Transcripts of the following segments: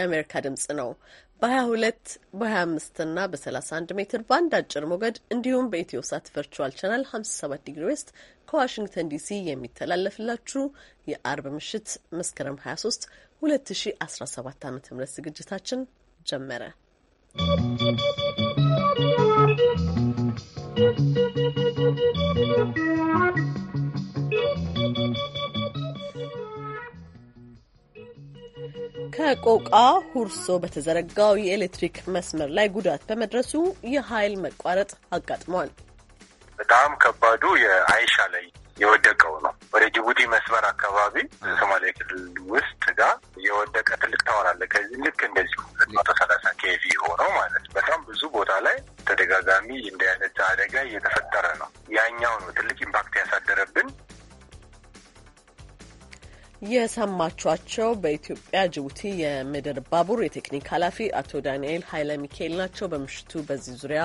የአሜሪካ ድምጽ ነው። በ22 በ25 እና በ31 ሜትር ባንድ አጭር ሞገድ እንዲሁም በኢትዮ ሳት ቨርቹዋል ቻናል 57 ዲግሪ ዌስት ከዋሽንግተን ዲሲ የሚተላለፍላችሁ የአርብ ምሽት መስከረም 23 2017 ዓ ም ዝግጅታችን ጀመረ። ¶¶ ከቆቃ ሁርሶ በተዘረጋው የኤሌክትሪክ መስመር ላይ ጉዳት በመድረሱ የኃይል መቋረጥ አጋጥሟል። በጣም ከባዱ የአይሻ ላይ የወደቀው ነው። ወደ ጅቡቲ መስመር አካባቢ ሶማሌ ክልል ውስጥ ጋር የወደቀ ትልቅ ታወር አለ። ከዚህ ልክ እንደዚሁ መቶ ሰላሳ ኬቪ የሆነው ማለት ነው። በጣም ብዙ ቦታ ላይ ተደጋጋሚ እንደ አይነት አደጋ እየተፈጠረ ነው። ያኛው ነው ትልቅ ኢምፓክት ያሳደረብን። የሰማችኋቸው በኢትዮጵያ ጅቡቲ የምድር ባቡር የቴክኒክ ኃላፊ አቶ ዳንኤል ኃይለ ሚካኤል ናቸው። በምሽቱ በዚህ ዙሪያ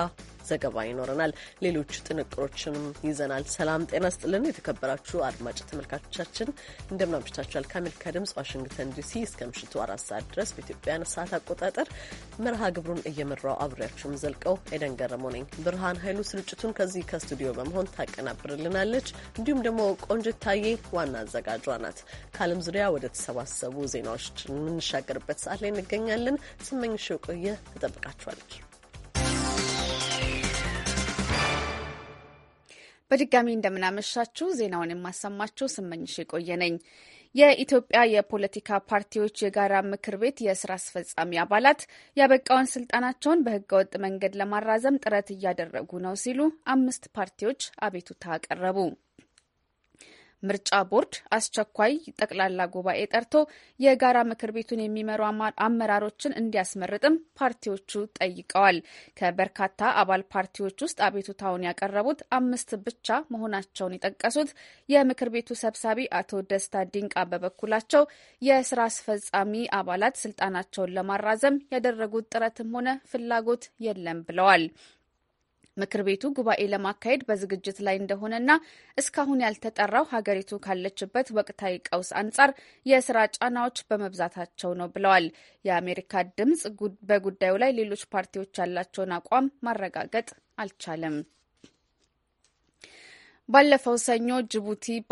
ዘገባ ይኖረናል። ሌሎች ጥንቅሮችንም ይዘናል። ሰላም ጤና ስጥልን። የተከበራችሁ አድማጭ ተመልካቾቻችን እንደምን አምሽታችኋል? ከአሜሪካ ድምጽ ዋሽንግተን ዲሲ እስከ ምሽቱ አራት ሰዓት ድረስ በኢትዮጵያ ሰዓት አቆጣጠር መርሃ ግብሩን እየመራው አብሬያችሁም ዘልቀው ኤደን ገረመው ነኝ። ብርሃን ኃይሉ ስርጭቱን ከዚህ ከስቱዲዮ በመሆን ታቀናብርልናለች። እንዲሁም ደግሞ ቆንጅት ታዬ ዋና አዘጋጇ ናት። ከዓለም ዙሪያ ወደ ተሰባሰቡ ዜናዎች የምንሻገርበት ሰዓት ላይ እንገኛለን። ስመኝሽ ቆየ ትጠብቃችኋለች። በድጋሚ እንደምናመሻችሁ ዜናውን የማሰማችሁ ስመኝሽ የቆየ ነኝ። የኢትዮጵያ የፖለቲካ ፓርቲዎች የጋራ ምክር ቤት የስራ አስፈጻሚ አባላት ያበቃውን ስልጣናቸውን በህገወጥ መንገድ ለማራዘም ጥረት እያደረጉ ነው ሲሉ አምስት ፓርቲዎች አቤቱታ አቀረቡ። ምርጫ ቦርድ አስቸኳይ ጠቅላላ ጉባኤ ጠርቶ የጋራ ምክር ቤቱን የሚመሩ አመራሮችን እንዲያስመርጥም ፓርቲዎቹ ጠይቀዋል። ከበርካታ አባል ፓርቲዎች ውስጥ አቤቱታውን ያቀረቡት አምስት ብቻ መሆናቸውን የጠቀሱት የምክር ቤቱ ሰብሳቢ አቶ ደስታ ዲንቃ በበኩላቸው የስራ አስፈጻሚ አባላት ስልጣናቸውን ለማራዘም ያደረጉት ጥረትም ሆነ ፍላጎት የለም ብለዋል። ምክር ቤቱ ጉባኤ ለማካሄድ በዝግጅት ላይ እንደሆነና እስካሁን ያልተጠራው ሀገሪቱ ካለችበት ወቅታዊ ቀውስ አንጻር የስራ ጫናዎች በመብዛታቸው ነው ብለዋል። የአሜሪካ ድምጽ በጉዳዩ ላይ ሌሎች ፓርቲዎች ያላቸውን አቋም ማረጋገጥ አልቻለም። ባለፈው ሰኞ ጅቡቲ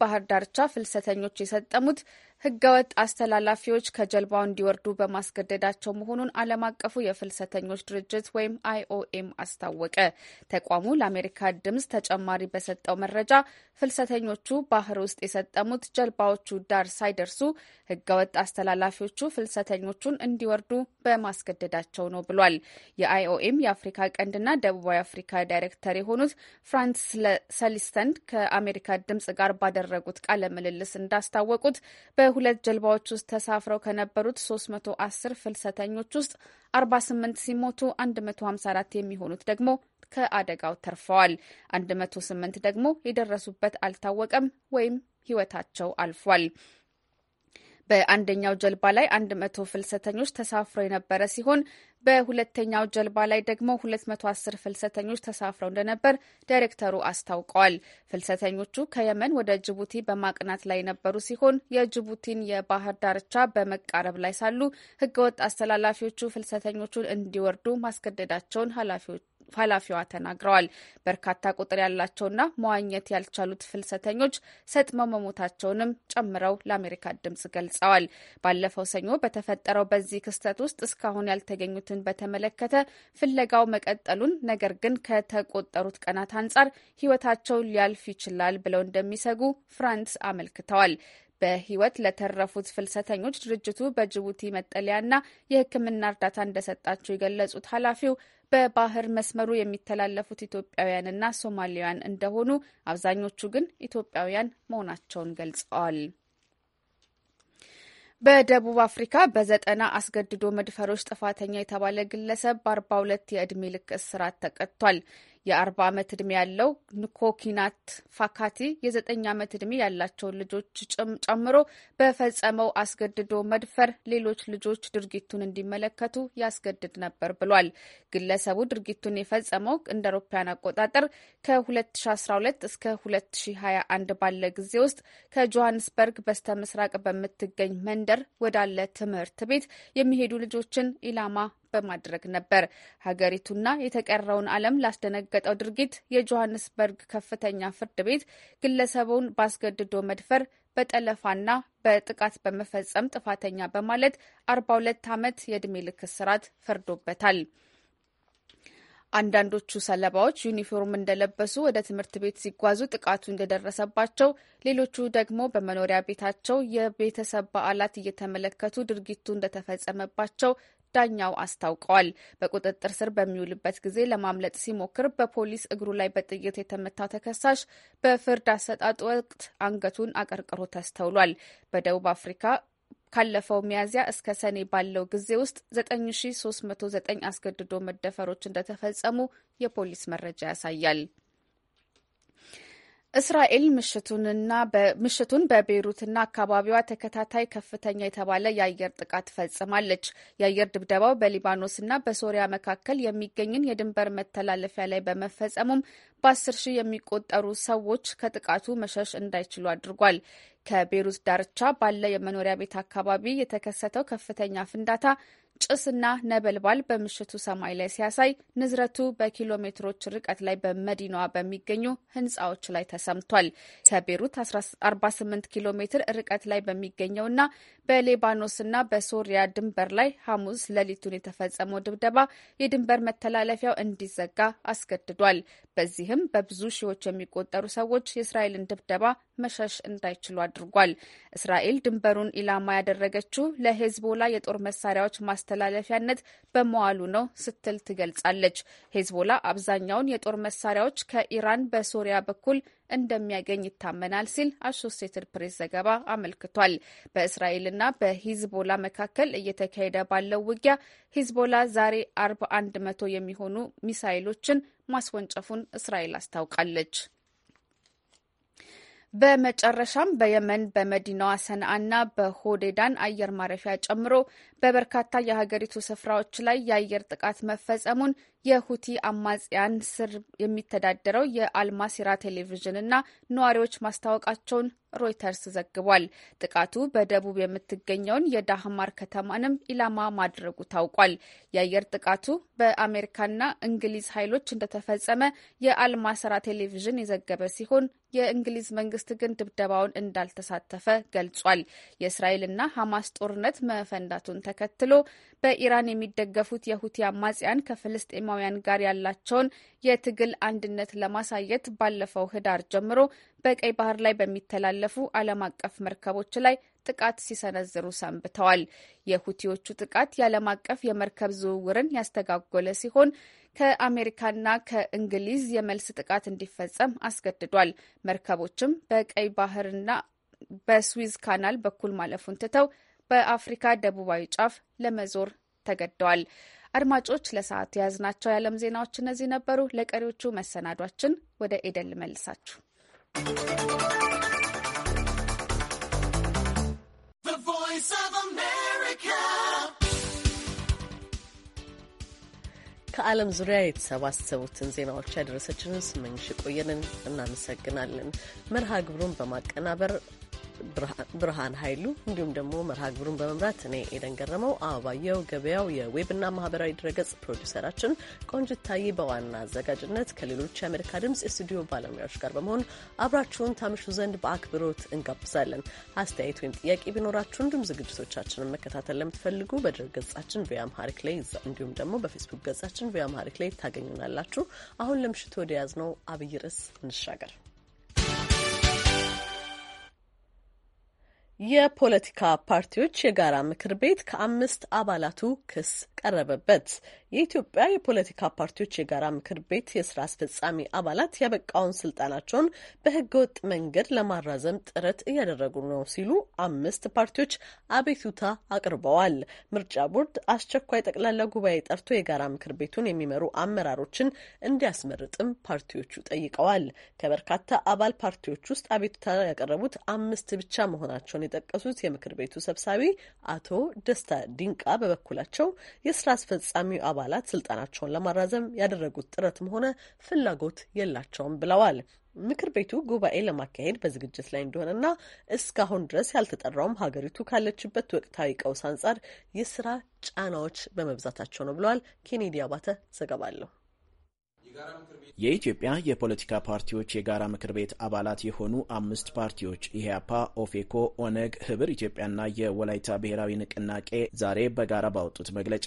ባህር ዳርቻ ፍልሰተኞች የሰጠሙት ህገወጥ አስተላላፊዎች ከጀልባው እንዲወርዱ በማስገደዳቸው መሆኑን ዓለም አቀፉ የፍልሰተኞች ድርጅት ወይም አይኦኤም አስታወቀ። ተቋሙ ለአሜሪካ ድምፅ ተጨማሪ በሰጠው መረጃ ፍልሰተኞቹ ባህር ውስጥ የሰጠሙት ጀልባዎቹ ዳር ሳይደርሱ ህገወጥ አስተላላፊዎቹ ፍልሰተኞቹን እንዲወርዱ በማስገደዳቸው ነው ብሏል። የአይኦኤም የአፍሪካ ቀንድና ደቡባዊ አፍሪካ ዳይሬክተር የሆኑት ፍራንስ ሰሊስተንድ ከአሜሪካ ድምፅ ጋር ባደረጉት ቃለ ምልልስ እንዳስታወቁት በ በሁለት ጀልባዎች ውስጥ ተሳፍረው ከነበሩት 310 ፍልሰተኞች ውስጥ 48 ሲሞቱ 154 የሚሆኑት ደግሞ ከአደጋው ተርፈዋል። 108 ደግሞ የደረሱበት አልታወቀም ወይም ሕይወታቸው አልፏል። በአንደኛው ጀልባ ላይ 100 ፍልሰተኞች ተሳፍረው የነበረ ሲሆን በሁለተኛው ጀልባ ላይ ደግሞ 210 ፍልሰተኞች ተሳፍረው እንደነበር ዳይሬክተሩ አስታውቀዋል። ፍልሰተኞቹ ከየመን ወደ ጅቡቲ በማቅናት ላይ የነበሩ ሲሆን የጅቡቲን የባህር ዳርቻ በመቃረብ ላይ ሳሉ ህገወጥ አስተላላፊዎቹ ፍልሰተኞቹን እንዲወርዱ ማስገደዳቸውን ኃላፊዎች ኃላፊዋ ተናግረዋል። በርካታ ቁጥር ያላቸውና መዋኘት ያልቻሉት ፍልሰተኞች ሰጥመው መሞታቸውንም ጨምረው ለአሜሪካ ድምጽ ገልጸዋል። ባለፈው ሰኞ በተፈጠረው በዚህ ክስተት ውስጥ እስካሁን ያልተገኙትን በተመለከተ ፍለጋው መቀጠሉን፣ ነገር ግን ከተቆጠሩት ቀናት አንጻር ህይወታቸው ሊያልፍ ይችላል ብለው እንደሚሰጉ ፍራንስ አመልክተዋል። በህይወት ለተረፉት ፍልሰተኞች ድርጅቱ በጅቡቲ መጠለያና የሕክምና እርዳታ እንደሰጣቸው የገለጹት ኃላፊው በባህር መስመሩ የሚተላለፉት ኢትዮጵያውያንና ሶማሊያውያን እንደሆኑ አብዛኞቹ ግን ኢትዮጵያውያን መሆናቸውን ገልጸዋል። በደቡብ አፍሪካ በዘጠና አስገድዶ መድፈሮች ጥፋተኛ የተባለ ግለሰብ በአርባ ሁለት የዕድሜ ልክ እስራት ተቀጥቷል። የአርባ ዓመት ዕድሜ ያለው ንኮኪናት ፋካቲ የዘጠኝ ዓመት ዕድሜ ያላቸውን ልጆች ጨምሮ በፈጸመው አስገድዶ መድፈር ሌሎች ልጆች ድርጊቱን እንዲመለከቱ ያስገድድ ነበር ብሏል። ግለሰቡ ድርጊቱን የፈጸመው እንደ አውሮፓውያን አቆጣጠር ከ2012 እስከ 2021 ባለ ጊዜ ውስጥ ከጆሃንስበርግ በስተ ምስራቅ በምትገኝ መንደር ወዳለ ትምህርት ቤት የሚሄዱ ልጆችን ኢላማ በማድረግ ነበር። ሀገሪቱና የተቀረውን ዓለም ላስደነገጠው ድርጊት የጆሀንስበርግ ከፍተኛ ፍርድ ቤት ግለሰቡን ባስገድዶ መድፈር በጠለፋና በጥቃት በመፈጸም ጥፋተኛ በማለት አርባ ሁለት ዓመት የዕድሜ ልክ እስራት ፈርዶበታል። አንዳንዶቹ ሰለባዎች ዩኒፎርም እንደለበሱ ወደ ትምህርት ቤት ሲጓዙ ጥቃቱ እንደደረሰባቸው፣ ሌሎቹ ደግሞ በመኖሪያ ቤታቸው የቤተሰብ በዓላት እየተመለከቱ ድርጊቱ እንደተፈጸመባቸው ዳኛው አስታውቀዋል። በቁጥጥር ስር በሚውልበት ጊዜ ለማምለጥ ሲሞክር በፖሊስ እግሩ ላይ በጥይት የተመታ ተከሳሽ በፍርድ አሰጣጥ ወቅት አንገቱን አቀርቅሮ ተስተውሏል። በደቡብ አፍሪካ ካለፈው ሚያዝያ እስከ ሰኔ ባለው ጊዜ ውስጥ 9309 አስገድዶ መደፈሮች እንደተፈጸሙ የፖሊስ መረጃ ያሳያል። እስራኤል ምሽቱን በቤይሩትና አካባቢዋ ተከታታይ ከፍተኛ የተባለ የአየር ጥቃት ፈጽማለች። የአየር ድብደባው በሊባኖስና በሶሪያ መካከል የሚገኝን የድንበር መተላለፊያ ላይ በመፈጸሙም በአስር ሺህ የሚቆጠሩ ሰዎች ከጥቃቱ መሸሽ እንዳይችሉ አድርጓል። ከቤይሩት ዳርቻ ባለ የመኖሪያ ቤት አካባቢ የተከሰተው ከፍተኛ ፍንዳታ ጭስና ነበልባል በምሽቱ ሰማይ ላይ ሲያሳይ ንዝረቱ በኪሎ ሜትሮች ርቀት ላይ በመዲናዋ በሚገኙ ህንፃዎች ላይ ተሰምቷል። ከቤሩት 48 ኪሎ ሜትር ርቀት ላይ በሚገኘውና በሌባኖስና በሶሪያ ድንበር ላይ ሐሙስ ሌሊቱን የተፈጸመው ድብደባ የድንበር መተላለፊያው እንዲዘጋ አስገድዷል። በዚህም በብዙ ሺዎች የሚቆጠሩ ሰዎች የእስራኤልን ድብደባ መሸሽ እንዳይችሉ አድርጓል። እስራኤል ድንበሩን ኢላማ ያደረገችው ለሄዝቦላ የጦር መሳሪያዎች ማስተላለፊያነት በመዋሉ ነው ስትል ትገልጻለች። ሄዝቦላ አብዛኛውን የጦር መሳሪያዎች ከኢራን በሶሪያ በኩል እንደሚያገኝ ይታመናል ሲል አሶሴትድ ፕሬስ ዘገባ አመልክቷል። በእስራኤልና በሂዝቦላ መካከል እየተካሄደ ባለው ውጊያ ሂዝቦላ ዛሬ አርባ አንድ መቶ የሚሆኑ ሚሳይሎችን ማስወንጨፉን እስራኤል አስታውቃለች። በመጨረሻም በየመን በመዲናዋ ሰንዓና በሆዴዳን አየር ማረፊያ ጨምሮ በበርካታ የሀገሪቱ ስፍራዎች ላይ የአየር ጥቃት መፈጸሙን የሁቲ አማጽያን ስር የሚተዳደረው የአልማሲራ ቴሌቪዥንና ነዋሪዎች ማስታወቃቸውን ሮይተርስ ዘግቧል። ጥቃቱ በደቡብ የምትገኘውን የዳህማር ከተማንም ኢላማ ማድረጉ ታውቋል። የአየር ጥቃቱ በአሜሪካና እንግሊዝ ኃይሎች እንደተፈጸመ የአልማሲራ ቴሌቪዥን የዘገበ ሲሆን የእንግሊዝ መንግስት ግን ድብደባውን እንዳልተሳተፈ ገልጿል። የእስራኤልና ሐማስ ጦርነት መፈንዳቱን ተከትሎ በኢራን የሚደገፉት የሁቲ አማጽያን ከፍልስጤማውያን ጋር ያላቸውን የትግል አንድነት ለማሳየት ባለፈው ህዳር ጀምሮ በቀይ ባህር ላይ በሚተላለፉ ዓለም አቀፍ መርከቦች ላይ ጥቃት ሲሰነዝሩ ሰንብተዋል። የሁቲዎቹ ጥቃት የዓለም አቀፍ የመርከብ ዝውውርን ያስተጋጎለ ሲሆን ከአሜሪካና ከእንግሊዝ የመልስ ጥቃት እንዲፈጸም አስገድዷል። መርከቦችም በቀይ ባህርና በስዊዝ ካናል በኩል ማለፉን ትተው በአፍሪካ ደቡባዊ ጫፍ ለመዞር ተገደዋል። አድማጮች ለሰዓቱ የያዝናቸው የዓለም ዜናዎች እነዚህ ነበሩ። ለቀሪዎቹ መሰናዷችን ወደ ኤደን ልመልሳችሁ። ከዓለም ዙሪያ የተሰባሰቡትን ዜናዎች ያደረሰችንን ስመኝሽ ቆየንን እናመሰግናለን። መርሃ ግብሩን በማቀናበር ብርሃን ኃይሉ እንዲሁም ደግሞ መርሃ ግብሩን በመምራት እኔ ኤደን ገረመው፣ አበባየው ገበያው የዌብና ማህበራዊ ድረገጽ ፕሮዲሰራችን ቆንጅት ታዬ በዋና አዘጋጅነት ከሌሎች የአሜሪካ ድምጽ የስቱዲዮ ባለሙያዎች ጋር በመሆን አብራችሁን ታምሹ ዘንድ በአክብሮት እንጋብዛለን። አስተያየት ወይም ጥያቄ ቢኖራችሁ እንዲሁም ዝግጅቶቻችንን መከታተል ለምትፈልጉ በድረ ገጻችን ቪኦኤ ላይ እንዲሁም ደግሞ በፌስቡክ ገጻችን ቪኦኤ ላይ ታገኙናላችሁ። አሁን ለምሽቱ ወደ ያዝነው አብይ ርዕስ እንሻገር። የፖለቲካ ፓርቲዎች የጋራ ምክር ቤት ከአምስት አባላቱ ክስ ቀረበበት። የኢትዮጵያ የፖለቲካ ፓርቲዎች የጋራ ምክር ቤት የስራ አስፈጻሚ አባላት ያበቃውን ስልጣናቸውን በህገወጥ መንገድ ለማራዘም ጥረት እያደረጉ ነው ሲሉ አምስት ፓርቲዎች አቤቱታ አቅርበዋል። ምርጫ ቦርድ አስቸኳይ ጠቅላላ ጉባኤ ጠርቶ የጋራ ምክር ቤቱን የሚመሩ አመራሮችን እንዲያስመርጥም ፓርቲዎቹ ጠይቀዋል። ከበርካታ አባል ፓርቲዎች ውስጥ አቤቱታ ያቀረቡት አምስት ብቻ መሆናቸውን የጠቀሱት የምክር ቤቱ ሰብሳቢ አቶ ደስታ ዲንቃ በበኩላቸው የስራ አስፈጻሚው አባላት ስልጣናቸውን ለማራዘም ያደረጉት ጥረትም ሆነ ፍላጎት የላቸውም ብለዋል። ምክር ቤቱ ጉባኤ ለማካሄድ በዝግጅት ላይ እንደሆነና እስካሁን ድረስ ያልተጠራውም ሀገሪቱ ካለችበት ወቅታዊ ቀውስ አንጻር የስራ ጫናዎች በመብዛታቸው ነው ብለዋል። ኬኔዲ አባተ ዘገባለሁ። የኢትዮጵያ የፖለቲካ ፓርቲዎች የጋራ ምክር ቤት አባላት የሆኑ አምስት ፓርቲዎች ኢህአፓ፣ ኦፌኮ፣ ኦነግ፣ ህብር ኢትዮጵያና የወላይታ ብሔራዊ ንቅናቄ ዛሬ በጋራ ባወጡት መግለጫ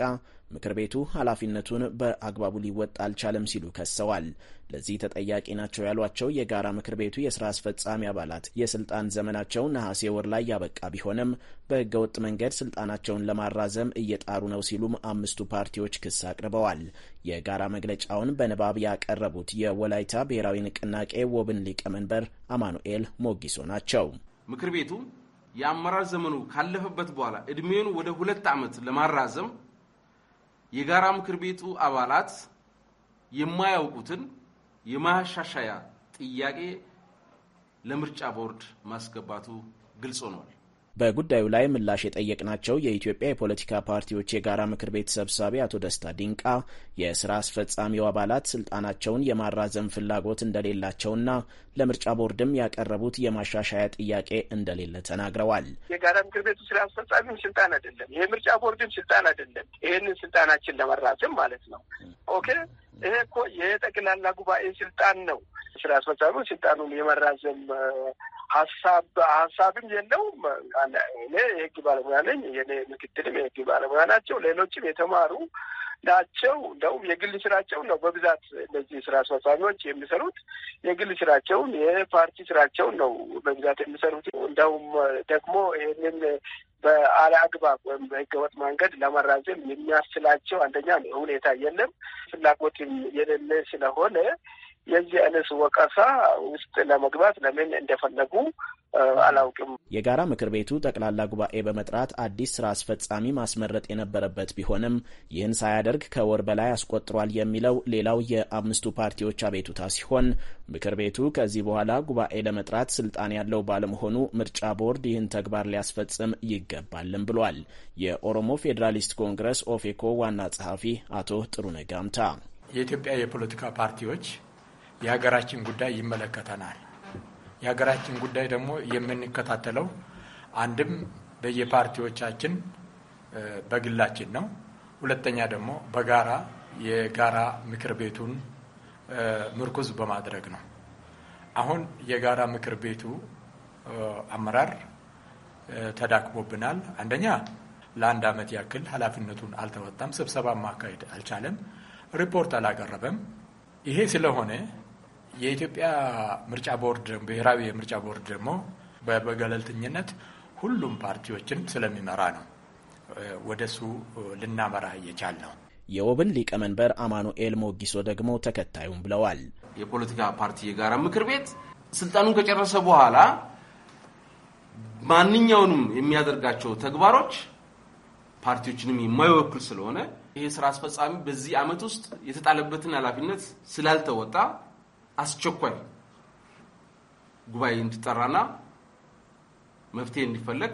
ምክር ቤቱ ኃላፊነቱን በአግባቡ ሊወጣ አልቻለም ሲሉ ከሰዋል። ለዚህ ተጠያቂ ናቸው ያሏቸው የጋራ ምክር ቤቱ የስራ አስፈጻሚ አባላት የስልጣን ዘመናቸው ነሐሴ ወር ላይ ያበቃ ቢሆንም በህገወጥ መንገድ ስልጣናቸውን ለማራዘም እየጣሩ ነው ሲሉም አምስቱ ፓርቲዎች ክስ አቅርበዋል። የጋራ መግለጫውን በንባብ ያቀረቡት የወላይታ ብሔራዊ ንቅናቄ ወብን ሊቀመንበር አማኑኤል ሞጊሶ ናቸው። ምክር ቤቱ የአመራር ዘመኑ ካለፈበት በኋላ እድሜውን ወደ ሁለት ዓመት ለማራዘም የጋራ ምክር ቤቱ አባላት የማያውቁትን የማሻሻያ ጥያቄ ለምርጫ ቦርድ ማስገባቱ ግልጽ ሆኗል። በጉዳዩ ላይ ምላሽ የጠየቅናቸው የኢትዮጵያ የፖለቲካ ፓርቲዎች የጋራ ምክር ቤት ሰብሳቢ አቶ ደስታ ዲንቃ የስራ አስፈጻሚው አባላት ስልጣናቸውን የማራዘም ፍላጎት እንደሌላቸውና ለምርጫ ቦርድም ያቀረቡት የማሻሻያ ጥያቄ እንደሌለ ተናግረዋል። የጋራ ምክር ቤቱ ስራ አስፈጻሚም ስልጣን አይደለም፣ የምርጫ ቦርድም ስልጣን አይደለም። ይህንን ስልጣናችን ለመራዘም ማለት ነው። ኦኬ፣ ይሄ እኮ የጠቅላላ ጉባኤ ስልጣን ነው። ስራ አስፈጻሚ ስልጣኑን የመራዘም ሀሳብ ሀሳብም የለውም። እኔ የህግ ባለሙያ ነኝ። የኔ ምክትልም የህግ ባለሙያ ናቸው። ሌሎችም የተማሩ ናቸው። እንደውም የግል ስራቸው ነው በብዛት እነዚህ ስራ አስፈጻሚዎች የሚሰሩት የግል ስራቸውን የፓርቲ ስራቸውን ነው በብዛት የሚሰሩት። እንደውም ደግሞ ይህንን አግባብ ወይም በህገወጥ መንገድ ለመራዘም የሚያስችላቸው አንደኛ ሁኔታ የለም፣ ፍላጎትም የሌለ ስለሆነ የዚህ አይነት ወቀሳ ውስጥ ለመግባት ለምን እንደፈለጉ አላውቅም። የጋራ ምክር ቤቱ ጠቅላላ ጉባኤ በመጥራት አዲስ ስራ አስፈጻሚ ማስመረጥ የነበረበት ቢሆንም ይህን ሳያደርግ ከወር በላይ አስቆጥሯል የሚለው ሌላው የአምስቱ ፓርቲዎች አቤቱታ ሲሆን ምክር ቤቱ ከዚህ በኋላ ጉባኤ ለመጥራት ስልጣን ያለው ባለመሆኑ ምርጫ ቦርድ ይህን ተግባር ሊያስፈጽም ይገባልም ብሏል። የኦሮሞ ፌዴራሊስት ኮንግረስ ኦፌኮ ዋና ጸሐፊ አቶ ጥሩነህ ጋምታ የኢትዮጵያ የፖለቲካ ፓርቲዎች የሀገራችን ጉዳይ ይመለከተናል። የሀገራችን ጉዳይ ደግሞ የምንከታተለው አንድም በየፓርቲዎቻችን በግላችን ነው። ሁለተኛ ደግሞ በጋራ የጋራ ምክር ቤቱን ምርኩዝ በማድረግ ነው። አሁን የጋራ ምክር ቤቱ አመራር ተዳክሞብናል። አንደኛ ለአንድ ዓመት ያክል ኃላፊነቱን አልተወጣም። ስብሰባ ማካሄድ አልቻለም። ሪፖርት አላቀረበም። ይሄ ስለሆነ የኢትዮጵያ ምርጫ ቦርድ ብሔራዊ የምርጫ ቦርድ ደግሞ በገለልተኝነት ሁሉም ፓርቲዎችን ስለሚመራ ነው ወደሱ ልናመራ እየቻል ነው። የወብን ሊቀመንበር አማኑኤል ሞጊሶ ደግሞ ተከታዩም ብለዋል። የፖለቲካ ፓርቲ የጋራ ምክር ቤት ስልጣኑን ከጨረሰ በኋላ ማንኛውንም የሚያደርጋቸው ተግባሮች ፓርቲዎችንም የማይወክል ስለሆነ ይሄ ስራ አስፈጻሚ በዚህ ዓመት ውስጥ የተጣለበትን ኃላፊነት ስላልተወጣ አስቸኳይ ጉባኤ እንዲጠራና መፍትሄ እንዲፈለግ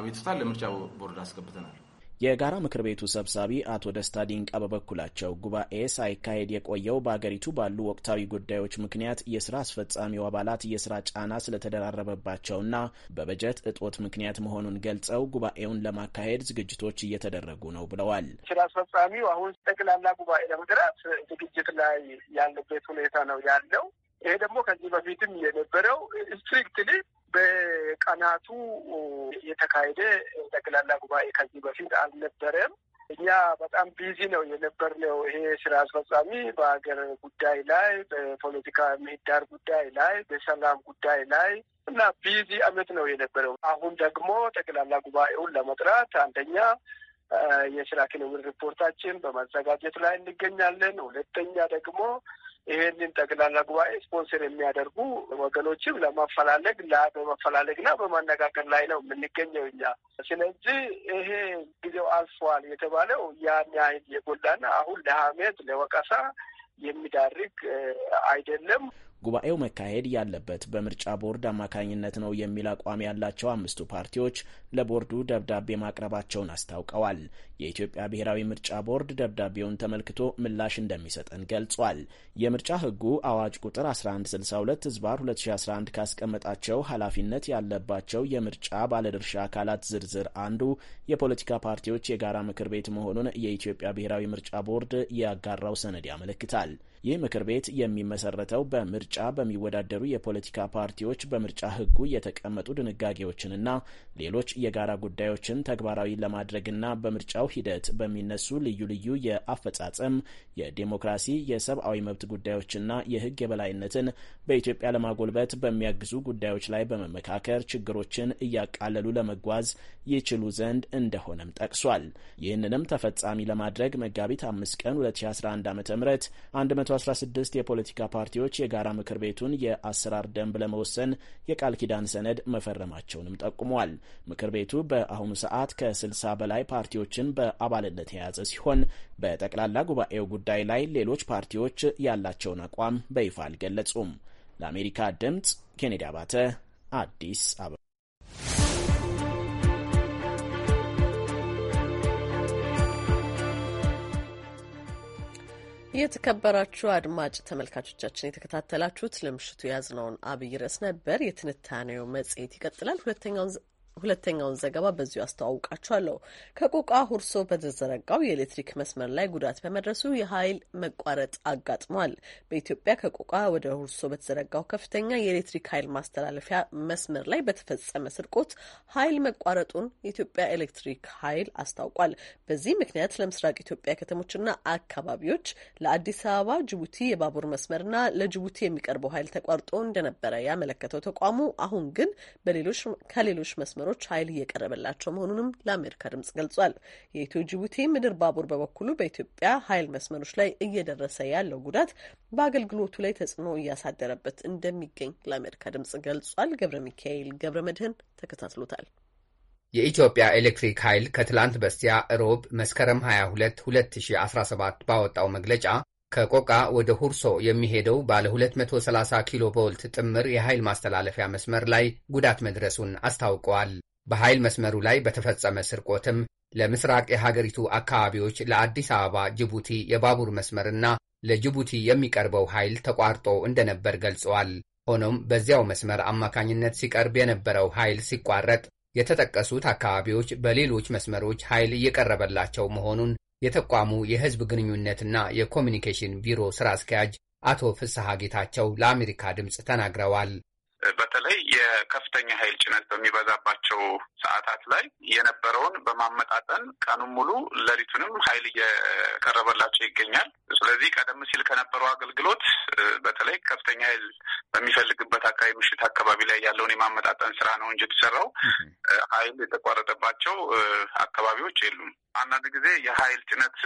አቤቱታ ለምርጫ ቦርድ አስገብተናል። የጋራ ምክር ቤቱ ሰብሳቢ አቶ ደስታ ዲንቃ በበኩላቸው ጉባኤ ሳይካሄድ የቆየው በአገሪቱ ባሉ ወቅታዊ ጉዳዮች ምክንያት የስራ አስፈጻሚው አባላት የስራ ጫና ስለተደራረበባቸውና በበጀት እጦት ምክንያት መሆኑን ገልጸው ጉባኤውን ለማካሄድ ዝግጅቶች እየተደረጉ ነው ብለዋል። ስራ አስፈጻሚው አሁን ጠቅላላ ጉባኤ ለመጥራት ዝግጅት ላይ ያለበት ሁኔታ ነው ያለው። ይሄ ደግሞ ከዚህ በፊትም የነበረው ስትሪክትሊ በቀናቱ የተካሄደ ጠቅላላ ጉባኤ ከዚህ በፊት አልነበረም። እኛ በጣም ቢዚ ነው የነበርነው። ይሄ ስራ አስፈጻሚ በሀገር ጉዳይ ላይ፣ በፖለቲካ ምህዳር ጉዳይ ላይ፣ በሰላም ጉዳይ ላይ እና ቢዚ አመት ነው የነበረው። አሁን ደግሞ ጠቅላላ ጉባኤውን ለመጥራት አንደኛ የስራ ክንውን ሪፖርታችን በማዘጋጀት ላይ እንገኛለን። ሁለተኛ ደግሞ ይህንን ጠቅላላ ጉባኤ ስፖንሰር የሚያደርጉ ወገኖችም ለማፈላለግ በመፈላለግና በማነጋገር ላይ ነው የምንገኘው እኛ። ስለዚህ ይሄ ጊዜው አልፏል የተባለው ያን ያህል የጎላና አሁን ለሀሜት ለወቀሳ የሚዳርግ አይደለም። ጉባኤው መካሄድ ያለበት በምርጫ ቦርድ አማካኝነት ነው የሚል አቋም ያላቸው አምስቱ ፓርቲዎች ለቦርዱ ደብዳቤ ማቅረባቸውን አስታውቀዋል። የኢትዮጵያ ብሔራዊ ምርጫ ቦርድ ደብዳቤውን ተመልክቶ ምላሽ እንደሚሰጠን ገልጿል። የምርጫ ሕጉ አዋጅ ቁጥር 1162 ህዝባር 2011 ካስቀመጣቸው ኃላፊነት ያለባቸው የምርጫ ባለድርሻ አካላት ዝርዝር አንዱ የፖለቲካ ፓርቲዎች የጋራ ምክር ቤት መሆኑን የኢትዮጵያ ብሔራዊ ምርጫ ቦርድ ያጋራው ሰነድ ያመለክታል። ይህ ምክር ቤት የሚመሰረተው በምርጫ በሚወዳደሩ የፖለቲካ ፓርቲዎች በምርጫ ህጉ የተቀመጡ ድንጋጌዎችንና ሌሎች የጋራ ጉዳዮችን ተግባራዊ ለማድረግና በምርጫው ሂደት በሚነሱ ልዩ ልዩ የአፈጻጸም፣ የዴሞክራሲ፣ የሰብአዊ መብት ጉዳዮችና የህግ የበላይነትን በኢትዮጵያ ለማጎልበት በሚያግዙ ጉዳዮች ላይ በመመካከር ችግሮችን እያቃለሉ ለመጓዝ ይችሉ ዘንድ እንደሆነም ጠቅሷል። ይህንንም ተፈጻሚ ለማድረግ መጋቢት አምስት ቀን 2011 ዓ ም 116 የፖለቲካ ፓርቲዎች የጋራ ምክር ቤቱን የአሰራር ደንብ ለመወሰን የቃል ኪዳን ሰነድ መፈረማቸውንም ጠቁመዋል። ምክር ቤቱ በአሁኑ ሰዓት ከ60 በላይ ፓርቲዎችን በአባልነት የያዘ ሲሆን በጠቅላላ ጉባኤው ጉዳይ ላይ ሌሎች ፓርቲዎች ያላቸውን አቋም በይፋ አልገለጹም። ለአሜሪካ ድምፅ ኬኔዲ አባተ አዲስ አበባ የተከበራችሁ አድማጭ ተመልካቾቻችን የተከታተላችሁት ለምሽቱ የያዝነውን አብይ ርዕስ ነበር። የትንታኔው መጽሔት ይቀጥላል። ሁለተኛውን ሁለተኛውን ዘገባ በዚሁ አስተዋውቃችኋለሁ። ከቆቃ ሁርሶ በተዘረጋው የኤሌክትሪክ መስመር ላይ ጉዳት በመድረሱ የኃይል መቋረጥ አጋጥሟል። በኢትዮጵያ ከቆቃ ወደ ሁርሶ በተዘረጋው ከፍተኛ የኤሌክትሪክ ኃይል ማስተላለፊያ መስመር ላይ በተፈጸመ ስርቆት ኃይል መቋረጡን የኢትዮጵያ ኤሌክትሪክ ኃይል አስታውቋል። በዚህ ምክንያት ለምስራቅ ኢትዮጵያ ከተሞችና አካባቢዎች፣ ለአዲስ አበባ ጅቡቲ የባቡር መስመርና ለጅቡቲ የሚቀርበው ኃይል ተቋርጦ እንደነበረ ያመለከተው ተቋሙ አሁን ግን ከሌሎች መስመሮች መስመሮች ኃይል እየቀረበላቸው መሆኑንም ለአሜሪካ ድምጽ ገልጿል። የኢትዮ ጅቡቲ ምድር ባቡር በበኩሉ በኢትዮጵያ ኃይል መስመሮች ላይ እየደረሰ ያለው ጉዳት በአገልግሎቱ ላይ ተጽዕኖ እያሳደረበት እንደሚገኝ ለአሜሪካ ድምጽ ገልጿል። ገብረ ሚካኤል ገብረ መድህን ተከታትሎታል። የኢትዮጵያ ኤሌክትሪክ ኃይል ከትላንት በስቲያ ሮብ መስከረም 22 2017 ባወጣው መግለጫ ከቆቃ ወደ ሁርሶ የሚሄደው ባለ 230 ኪሎ ቮልት ጥምር የኃይል ማስተላለፊያ መስመር ላይ ጉዳት መድረሱን አስታውቀዋል። በኃይል መስመሩ ላይ በተፈጸመ ስርቆትም ለምስራቅ የሀገሪቱ አካባቢዎች ለአዲስ አበባ ጅቡቲ የባቡር መስመርና ለጅቡቲ የሚቀርበው ኃይል ተቋርጦ እንደነበር ገልጸዋል። ሆኖም በዚያው መስመር አማካኝነት ሲቀርብ የነበረው ኃይል ሲቋረጥ የተጠቀሱት አካባቢዎች በሌሎች መስመሮች ኃይል እየቀረበላቸው መሆኑን የተቋሙ የህዝብ ግንኙነትና የኮሚኒኬሽን ቢሮ ስራ አስኪያጅ አቶ ፍስሐ ጌታቸው ለአሜሪካ ድምፅ ተናግረዋል። በተለይ የከፍተኛ ኃይል ጭነት በሚበዛባቸው ሰዓታት ላይ የነበረውን በማመጣጠን ቀኑን ሙሉ ሌሊቱንም ኃይል እየቀረበላቸው ይገኛል። ስለዚህ ቀደም ሲል ከነበረው አገልግሎት በተለይ ከፍተኛ ኃይል በሚፈልግበት አካባቢ ምሽት አካባቢ ላይ ያለውን የማመጣጠን ስራ ነው እንጂ የተሰራው ኃይል የተቋረጠባቸው አካባቢዎች የሉም። አንዳንድ ጊዜ የኃይል ጭነት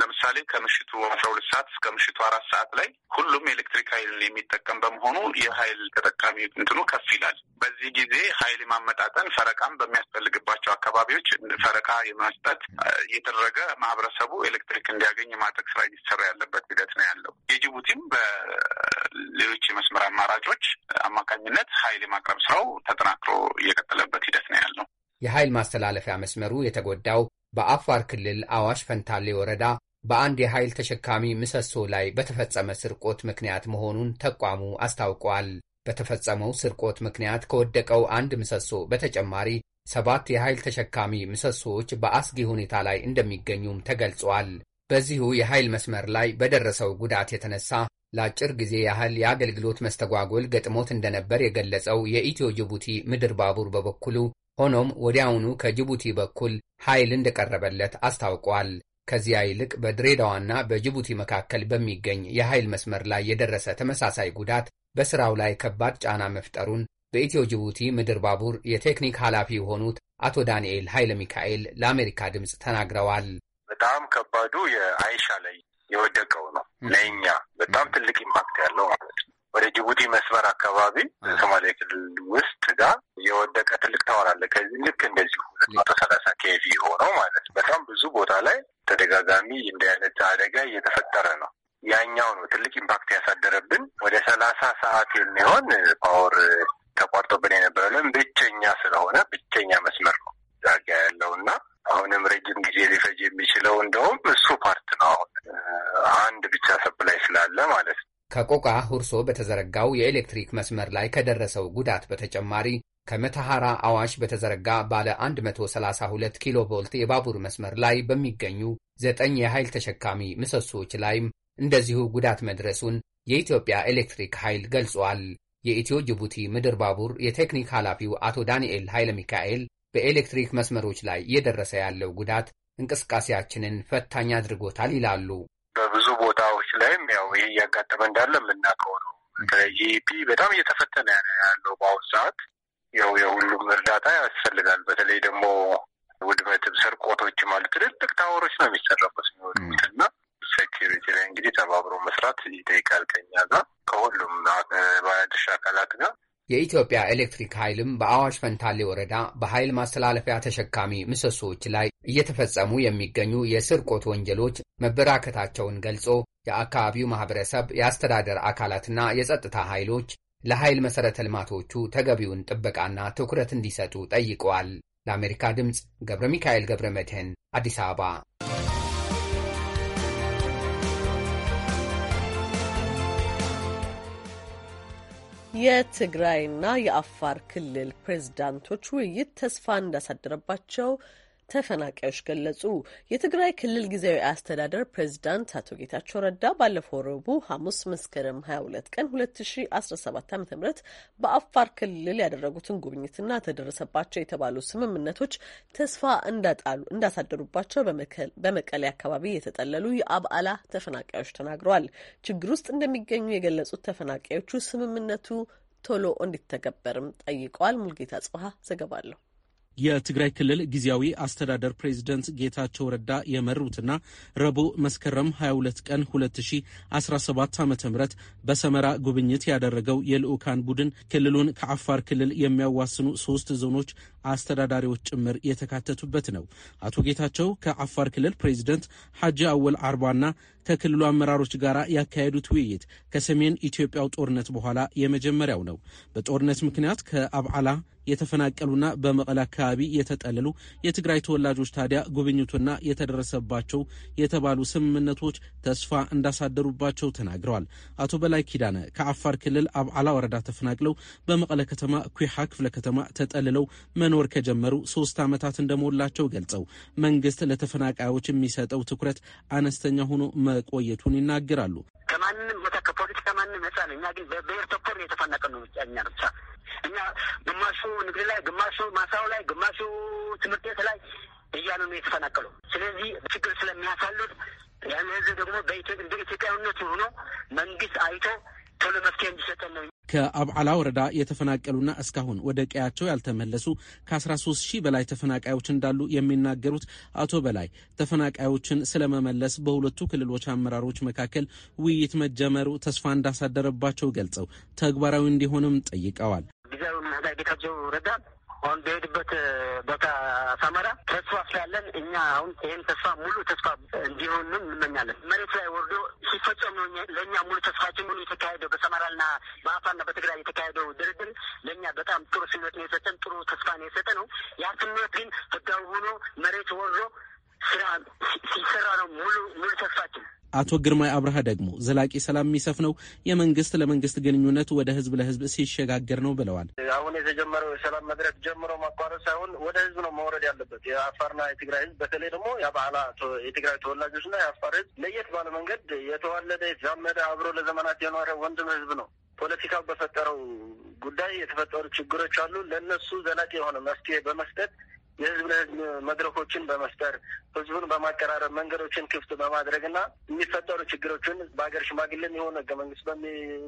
ለምሳሌ ከምሽቱ አስራ ሁለት ሰዓት እስከ ምሽቱ አራት ሰዓት ላይ ሁሉም የኤሌክትሪክ ኃይል የሚጠቀም በመሆኑ የኃይል ተጠቃሚ እንትኑ ከፍ ይላል። በዚህ ጊዜ ኃይል ማመጣጠን ፈረቃም በሚያስፈልግባቸው አካባቢዎች ፈረቃ የመስጠት እየተደረገ ማህበረሰቡ ኤሌክትሪክ እንዲያገኝ የማድረግ ስራ እየተሰራ ያለበት ሂደት ነው ያለው። የጅቡቲም በሌሎች የመስመር አማራጮች አማካኝነት ኃይል የማቅረብ ስራው ተጠናክሮ እየቀጠለበት ሂደት ነው ያለው። የኃይል ማስተላለፊያ መስመሩ የተጎዳው በአፋር ክልል አዋሽ ፈንታሌ ወረዳ በአንድ የኃይል ተሸካሚ ምሰሶ ላይ በተፈጸመ ስርቆት ምክንያት መሆኑን ተቋሙ አስታውቋል። በተፈጸመው ስርቆት ምክንያት ከወደቀው አንድ ምሰሶ በተጨማሪ ሰባት የኃይል ተሸካሚ ምሰሶዎች በአስጊ ሁኔታ ላይ እንደሚገኙም ተገልጿል። በዚሁ የኃይል መስመር ላይ በደረሰው ጉዳት የተነሳ ለአጭር ጊዜ ያህል የአገልግሎት መስተጓጎል ገጥሞት እንደነበር የገለጸው የኢትዮ ጅቡቲ ምድር ባቡር በበኩሉ ሆኖም ወዲያውኑ ከጅቡቲ በኩል ኃይል እንደቀረበለት አስታውቋል። ከዚያ ይልቅ በድሬዳዋና በጅቡቲ መካከል በሚገኝ የኃይል መስመር ላይ የደረሰ ተመሳሳይ ጉዳት በሥራው ላይ ከባድ ጫና መፍጠሩን በኢትዮ ጅቡቲ ምድር ባቡር የቴክኒክ ኃላፊ የሆኑት አቶ ዳንኤል ኃይለ ሚካኤል ለአሜሪካ ድምፅ ተናግረዋል። በጣም ከባዱ የአይሻ ላይ የወደቀው ነው። ለእኛ በጣም ትልቅ ኢምፓክት ያለው ማለት ነው። ወደ ጅቡቲ መስመር አካባቢ ሶማሌ ክልል ውስጥ ጋር የወደቀ ትልቅ ታወር አለ። ከዚህ ልክ እንደዚሁ ሁለት መቶ ሰላሳ ኬቪ ሆነው ማለት በጣም ብዙ ቦታ ላይ ተደጋጋሚ እንዲህ አይነት አደጋ እየተፈጠረ ነው። ያኛው ነው ትልቅ ኢምፓክት ያሳደረብን። ወደ ሰላሳ ሰዓት የሚሆን ፓወር ተቋርጦብን የነበረ ለም ብቸኛ ስለሆነ ብቸኛ መስመር ነው ዛጋ ያለው እና አሁንም ረጅም ጊዜ ሊፈጅ የሚችለው እንደውም እሱ ፓርት ነው። አሁን አንድ ብቻ ሰፕላይ ስላለ ማለት ነው ከቆቃ ሁርሶ በተዘረጋው የኤሌክትሪክ መስመር ላይ ከደረሰው ጉዳት በተጨማሪ ከመተሐራ አዋሽ በተዘረጋ ባለ 132 ኪሎ ቮልት የባቡር መስመር ላይ በሚገኙ ዘጠኝ የኃይል ተሸካሚ ምሰሶዎች ላይም እንደዚሁ ጉዳት መድረሱን የኢትዮጵያ ኤሌክትሪክ ኃይል ገልጿል። የኢትዮ ጅቡቲ ምድር ባቡር የቴክኒክ ኃላፊው አቶ ዳንኤል ኃይለ ሚካኤል በኤሌክትሪክ መስመሮች ላይ እየደረሰ ያለው ጉዳት እንቅስቃሴያችንን ፈታኝ አድርጎታል ይላሉ። በብዙ ላይም ያው ይሄ እያጋጠመ እንዳለ የምናውቀው ነው። ኢፒ በጣም እየተፈተነ ያለው በአሁኑ ሰዓት ያው የሁሉም እርዳታ ያስፈልጋል። በተለይ ደግሞ ውድመትም ሰርቆቶች ማለት ትልልቅ ታወሮች ነው የሚሰራበት የሚወድሙት እና ሴኪሪቲ ላይ እንግዲህ ተባብሮ መስራት ይጠይቃል ከኛ ጋር ከሁሉም ባለድርሻ አካላት ጋር። የኢትዮጵያ ኤሌክትሪክ ኃይልም በአዋሽ ፈንታሌ ወረዳ በኃይል ማስተላለፊያ ተሸካሚ ምሰሶዎች ላይ እየተፈጸሙ የሚገኙ የስርቆት ወንጀሎች መበራከታቸውን ገልጾ የአካባቢው ማህበረሰብ የአስተዳደር አካላትና የጸጥታ ኃይሎች ለኃይል መሠረተ ልማቶቹ ተገቢውን ጥበቃና ትኩረት እንዲሰጡ ጠይቀዋል። ለአሜሪካ ድምፅ ገብረ ሚካኤል ገብረ መድህን አዲስ አበባ። የትግራይና የአፋር ክልል ፕሬዝዳንቶች ውይይት ተስፋ እንዳሳደረባቸው ተፈናቃዮች ገለጹ። የትግራይ ክልል ጊዜያዊ አስተዳደር ፕሬዚዳንት አቶ ጌታቸው ረዳ ባለፈው ረቡዕ ሐሙስ መስከረም 22 ቀን 2017 ዓ ም በአፋር ክልል ያደረጉትን ጉብኝትና ተደረሰባቸው የተባሉ ስምምነቶች ተስፋ እንዳጣሉ እንዳሳደሩባቸው በመቀሌ አካባቢ የተጠለሉ የአብዓላ ተፈናቃዮች ተናግረዋል። ችግር ውስጥ እንደሚገኙ የገለጹት ተፈናቃዮቹ ስምምነቱ ቶሎ እንዲተገበርም ጠይቀዋል። ሙልጌታ ጽብሃ ዘገባ የትግራይ ክልል ጊዜያዊ አስተዳደር ፕሬዚደንት ጌታቸው ረዳ የመሩትና ረቡዕ መስከረም 22 ቀን 2017 ዓ ም በሰመራ ጉብኝት ያደረገው የልዑካን ቡድን ክልሉን ከአፋር ክልል የሚያዋስኑ ሶስት ዞኖች አስተዳዳሪዎች ጭምር የተካተቱበት ነው። አቶ ጌታቸው ከአፋር ክልል ፕሬዚደንት ሐጂ አወል አርባና ከክልሉ አመራሮች ጋር ያካሄዱት ውይይት ከሰሜን ኢትዮጵያው ጦርነት በኋላ የመጀመሪያው ነው። በጦርነት ምክንያት ከአብዓላ የተፈናቀሉና በመቀለ አካባቢ የተጠለሉ የትግራይ ተወላጆች ታዲያ ጉብኝቱና የተደረሰባቸው የተባሉ ስምምነቶች ተስፋ እንዳሳደሩባቸው ተናግረዋል። አቶ በላይ ኪዳነ ከአፋር ክልል አብዓላ ወረዳ ተፈናቅለው በመቀለ ከተማ ኩሓ ክፍለ ከተማ ተጠልለው መኖ መኖር ከጀመሩ ሶስት ዓመታት እንደሞላቸው ገልጸው መንግስት ለተፈናቃዮች የሚሰጠው ትኩረት አነስተኛ ሆኖ መቆየቱን ይናገራሉ። ከማንም ቦታ ከፖለቲካ ማንም ነጻ ነው። እኛ ግን በብሔር ተኮር ነው እኛ ብቻ እኛ ግማሹ ንግድ ላይ፣ ግማሹ ማሳው ላይ፣ ግማሹ ትምህርት ቤት ላይ እያሉ ነው የተፈናቀሉ። ስለዚህ ችግር ስለሚያሳልፍ ያን ህዝብ ደግሞ እንደ ሆኖ መንግስት አይቶ ቶሎ መፍትሄ እንዲሰጠን ነው ከአብዓላ ወረዳ የተፈናቀሉና እስካሁን ወደ ቀያቸው ያልተመለሱ ከ13 ሺህ በላይ ተፈናቃዮች እንዳሉ የሚናገሩት አቶ በላይ ተፈናቃዮችን ስለመመለስ በሁለቱ ክልሎች አመራሮች መካከል ውይይት መጀመሩ ተስፋ እንዳሳደረባቸው ገልጸው ተግባራዊ እንዲሆንም ጠይቀዋል። አሁን በሄድበት ቦታ ሰመራ ተስፋ ስላለን እኛ አሁን ይህን ተስፋ ሙሉ ተስፋ እንዲሆንም እንመኛለን። መሬት ላይ ወርዶ ሲፈጸም ነው ለእኛ ሙሉ ተስፋችን ሙሉ የተካሄደው በሰመራና በአፋርና በትግራይ የተካሄደው ድርድር ለእኛ በጣም ጥሩ ስሜት ነው የሰጠን፣ ጥሩ ተስፋ ነው የሰጠ ነው። ያ ስሜት ግን ህጋዊ ሆኖ መሬት ወርዶ ስራ ሲሰራ ነው ሙሉ ሙሉ ተስፋችን። አቶ ግርማይ አብርሃ ደግሞ ዘላቂ ሰላም የሚሰፍነው የመንግስት ለመንግስት ግንኙነት ወደ ህዝብ ለህዝብ ሲሸጋገር ነው ብለዋል። አሁን የተጀመረው የሰላም መድረክ ጀምሮ ማቋረጥ ሳይሆን ወደ ህዝብ ነው መውረድ ያለበት። የአፋርና የትግራይ ህዝብ በተለይ ደግሞ የበዓላ የትግራይ ተወላጆችና የአፋር ህዝብ ለየት ባለ መንገድ የተዋለደ የተዛመደ አብሮ ለዘመናት የኖረ ወንድም ህዝብ ነው። ፖለቲካው በፈጠረው ጉዳይ የተፈጠሩ ችግሮች አሉ። ለእነሱ ዘላቂ የሆነ መፍትሄ በመስጠት የህዝብ ለህዝብ መድረኮችን በመፍጠር ህዝቡን በማቀራረብ መንገዶችን ክፍት በማድረግ እና የሚፈጠሩ ችግሮችን በሀገር ሽማግሌም የሆነ ህገ መንግስት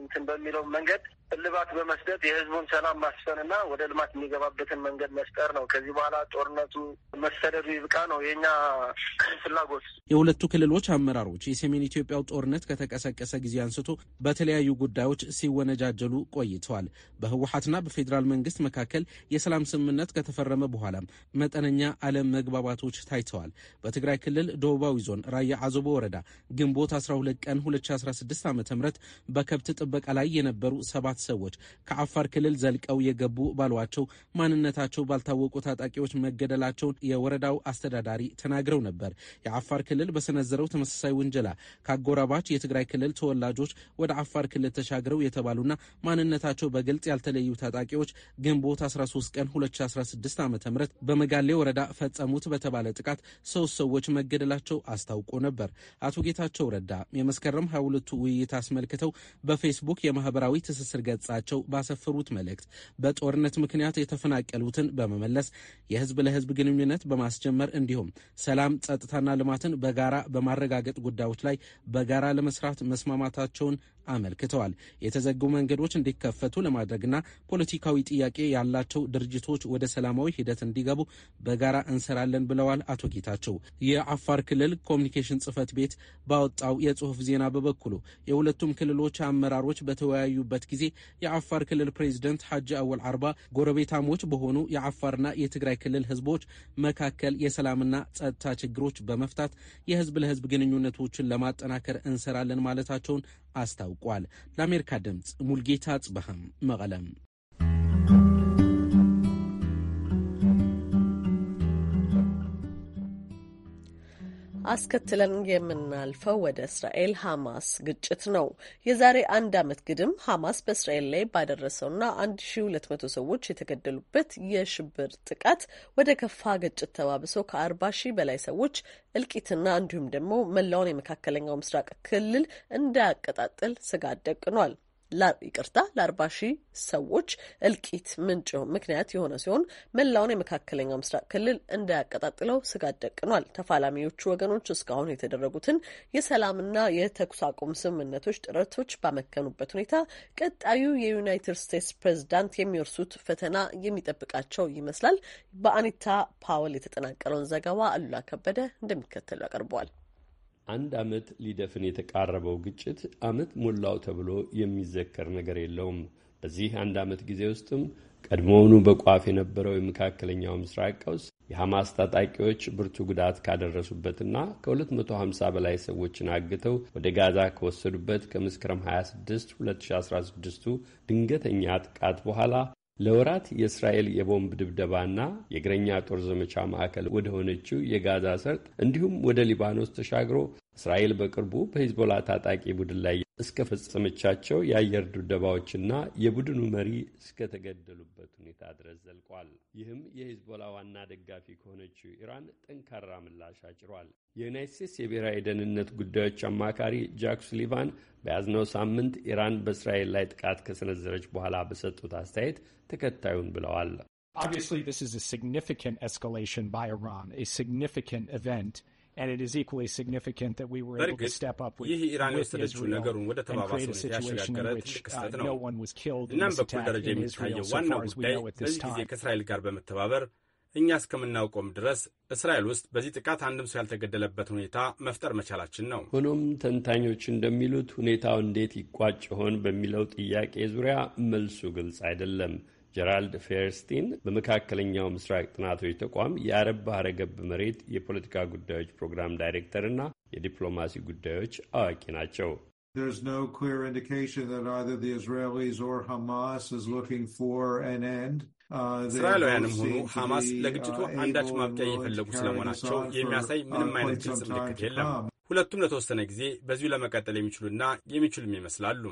እንትን በሚለው መንገድ እልባት በመስጠት የህዝቡን ሰላም ማስፈን እና ወደ ልማት የሚገባበትን መንገድ መፍጠር ነው። ከዚህ በኋላ ጦርነቱ መሰደዱ ይብቃ ነው የኛ ፍላጎት። የሁለቱ ክልሎች አመራሮች የሰሜን ኢትዮጵያው ጦርነት ከተቀሰቀሰ ጊዜ አንስቶ በተለያዩ ጉዳዮች ሲወነጃጀሉ ቆይተዋል። በህወሀትና በፌዴራል መንግስት መካከል የሰላም ስምምነት ከተፈረመ በኋላ መጠነኛ መግባባቶች ታይተዋል። በትግራይ ክልል ደቡባዊ ዞን ራያ አዘቦ ወረዳ ግንቦት 12 ቀን 2016 ዓ ም በከብት ጥበቃ ላይ የነበሩ ሰባት ሰዎች ከአፋር ክልል ዘልቀው የገቡ ባሏቸው ማንነታቸው ባልታወቁ ታጣቂዎች መገደላቸውን የወረዳው አስተዳዳሪ ተናግረው ነበር። የአፋር ክልል በሰነዘረው ተመሳሳይ ውንጀላ ከአጎራባች የትግራይ ክልል ተወላጆች ወደ አፋር ክልል ተሻግረው የተባሉና ማንነታቸው በግልጽ ያልተለዩ ታጣቂዎች ግንቦት 13 ቀን 2016 ዓ ም በመጋሌ ወረዳ ፈጸሙት በተባለ ጥቃት ሶስት ሰዎች መገደላቸው አስታውቆ ነበር። አቶ ጌታቸው ረዳ የመስከረም 22ቱ ውይይት አስመልክተው በፌስቡክ የማህበራዊ ትስስር ገጻቸው ባሰፈሩት መልእክት በጦርነት ምክንያት የተፈናቀሉትን በመመለስ የህዝብ ለህዝብ ግንኙነት በማስጀመር እንዲሁም ሰላም፣ ጸጥታና ልማትን በጋራ በማረጋገጥ ጉዳዮች ላይ በጋራ ለመስራት መስማማታቸውን አመልክተዋል። የተዘጉ መንገዶች እንዲከፈቱ ለማድረግና ፖለቲካዊ ጥያቄ ያላቸው ድርጅቶች ወደ ሰላማዊ ሂደት እንዲገቡ በጋራ እንሰራለን ብለዋል አቶ ጌታቸው። የአፋር ክልል ኮሚኒኬሽን ጽህፈት ቤት ባወጣው የጽሁፍ ዜና በበኩሉ የሁለቱም ክልሎች አመራሮች በተወያዩበት ጊዜ የአፋር ክልል ፕሬዚደንት ሐጂ አወል አርባ ጎረቤታሞች በሆኑ የአፋርና የትግራይ ክልል ህዝቦች መካከል የሰላምና ጸጥታ ችግሮች በመፍታት የህዝብ ለህዝብ ግንኙነቶችን ለማጠናከር እንሰራለን ማለታቸውን አስታውቋል። ለአሜሪካ ድምፅ ሙልጌታ ጽበሃም መቀለም አስከትለን የምናልፈው ወደ እስራኤል ሐማስ ግጭት ነው። የዛሬ አንድ ዓመት ግድም ሐማስ በእስራኤል ላይ ባደረሰውና 1200 ሰዎች የተገደሉበት የሽብር ጥቃት ወደ ከፋ ግጭት ተባብሶ ከ40 ሺህ በላይ ሰዎች እልቂትና እንዲሁም ደግሞ መላውን የመካከለኛው ምስራቅ ክልል እንዳያቀጣጥል ስጋት ደቅኗል። ይቅርታ ለአርባ ሺህ ሰዎች እልቂት ምንጭ ምክንያት የሆነ ሲሆን መላውን የመካከለኛው ምስራቅ ክልል እንዳያቀጣጥለው ስጋት ደቅኗል። ተፋላሚዎቹ ወገኖች እስካሁን የተደረጉትን የሰላምና የተኩስ አቁም ስምምነቶች ጥረቶች ባመከኑበት ሁኔታ ቀጣዩ የዩናይትድ ስቴትስ ፕሬዝዳንት የሚወርሱት ፈተና የሚጠብቃቸው ይመስላል። በአኒታ ፓወል የተጠናቀረውን ዘገባ አሉላ ከበደ እንደሚከተሉ ያቀርበዋል። አንድ ዓመት ሊደፍን የተቃረበው ግጭት ዓመት ሞላው ተብሎ የሚዘከር ነገር የለውም። በዚህ አንድ ዓመት ጊዜ ውስጥም ቀድሞውኑ በቋፍ የነበረው የመካከለኛው ምስራቅ ቀውስ የሐማስ ታጣቂዎች ብርቱ ጉዳት ካደረሱበትና ከ250 በላይ ሰዎችን አግተው ወደ ጋዛ ከወሰዱበት ከመስከረም 26 2016ቱ ድንገተኛ ጥቃት በኋላ ለወራት የእስራኤል የቦምብ ድብደባና የእግረኛ ጦር ዘመቻ ማዕከል ወደ ሆነችው የጋዛ ሰርጥ እንዲሁም ወደ ሊባኖስ ተሻግሮ እስራኤል በቅርቡ በሂዝቦላ ታጣቂ ቡድን ላይ እስከፈጸመቻቸው የአየር ድብደባዎችና የቡድኑ መሪ እስከተገደሉበት ሁኔታ ድረስ ዘልቋል። ይህም የሂዝቦላ ዋና ደጋፊ ከሆነችው ኢራን ጠንካራ ምላሽ አጭሯል። የዩናይት ስቴትስ የብሔራዊ ደህንነት ጉዳዮች አማካሪ ጃክ ሱሊቫን በያዝነው ሳምንት ኢራን በእስራኤል ላይ ጥቃት ከሰነዘረች በኋላ በሰጡት አስተያየት ተከታዩን ብለዋል። Obviously, this is a significant escalation by Iran, a significant event. በእርግጥ ይህ ኢራን የወሰደችው ነገሩን ወደ ተባባሰ ሁኔታ ያሸጋገረ ትልቅ ክስተት uh, ነው። እናም በኩል ደረጃ የሚታየው ዋናው ጉዳይ በዚህ ጊዜ ከእስራኤል ጋር በመተባበር እኛ እስከምናውቀውም ድረስ እስራኤል ውስጥ በዚህ ጥቃት አንድም ሰው ያልተገደለበት ሁኔታ መፍጠር መቻላችን ነው። ሆኖም ተንታኞች እንደሚሉት ሁኔታው እንዴት ይቋጭ ይሆን በሚለው ጥያቄ ዙሪያ መልሱ ግልጽ አይደለም። ጀራልድ ፌርስቲን በመካከለኛው ምስራቅ ጥናቶች ተቋም የአረብ ባህረ ገብ መሬት የፖለቲካ ጉዳዮች ፕሮግራም ዳይሬክተር እና የዲፕሎማሲ ጉዳዮች አዋቂ ናቸው። There's no clear indication that either the Israelis or Hamas is looking for an end. እስራኤላውያንም ሆኑ ሐማስ ለግጭቱ አንዳች ማብቂያ እየፈለጉ ስለመሆናቸው የሚያሳይ ምንም uh, አይነት ግልጽ ምልክት የለም። ሁለቱም ለተወሰነ ጊዜ በዚሁ ለመቀጠል የሚችሉና የሚችሉም ይመስላሉ።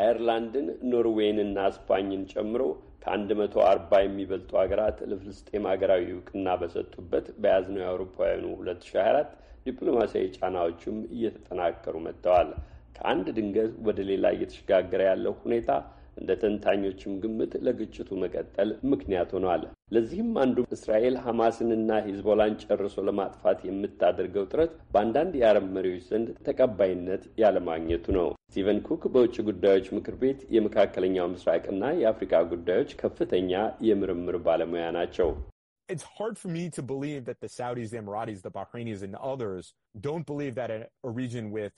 አየርላንድን፣ ኖርዌይንና ስፓኝን ጨምሮ ከ140 የሚበልጡ ሀገራት ለፍልስጤም ሀገራዊ እውቅና በሰጡበት በያዝነው የአውሮፓውያኑ 2024 ዲፕሎማሲያዊ ጫናዎቹም እየተጠናከሩ መጥተዋል። ከአንድ ድንገት ወደ ሌላ እየተሸጋገረ ያለው ሁኔታ እንደ ተንታኞችም ግምት ለግጭቱ መቀጠል ምክንያት ሆኗል። ለዚህም አንዱ እስራኤል ሐማስንና ሂዝቦላን ጨርሶ ለማጥፋት የምታደርገው ጥረት በአንዳንድ የአረብ መሪዎች ዘንድ ተቀባይነት ያለማግኘቱ ነው። ስቲቨን ኩክ በውጭ ጉዳዮች ምክር ቤት የመካከለኛው ምስራቅና የአፍሪካ ጉዳዮች ከፍተኛ የምርምር ባለሙያ ናቸው። It's hard for me to believe that the Saudis, the Emiratis, the Bahrainis, and others don't believe that a, region with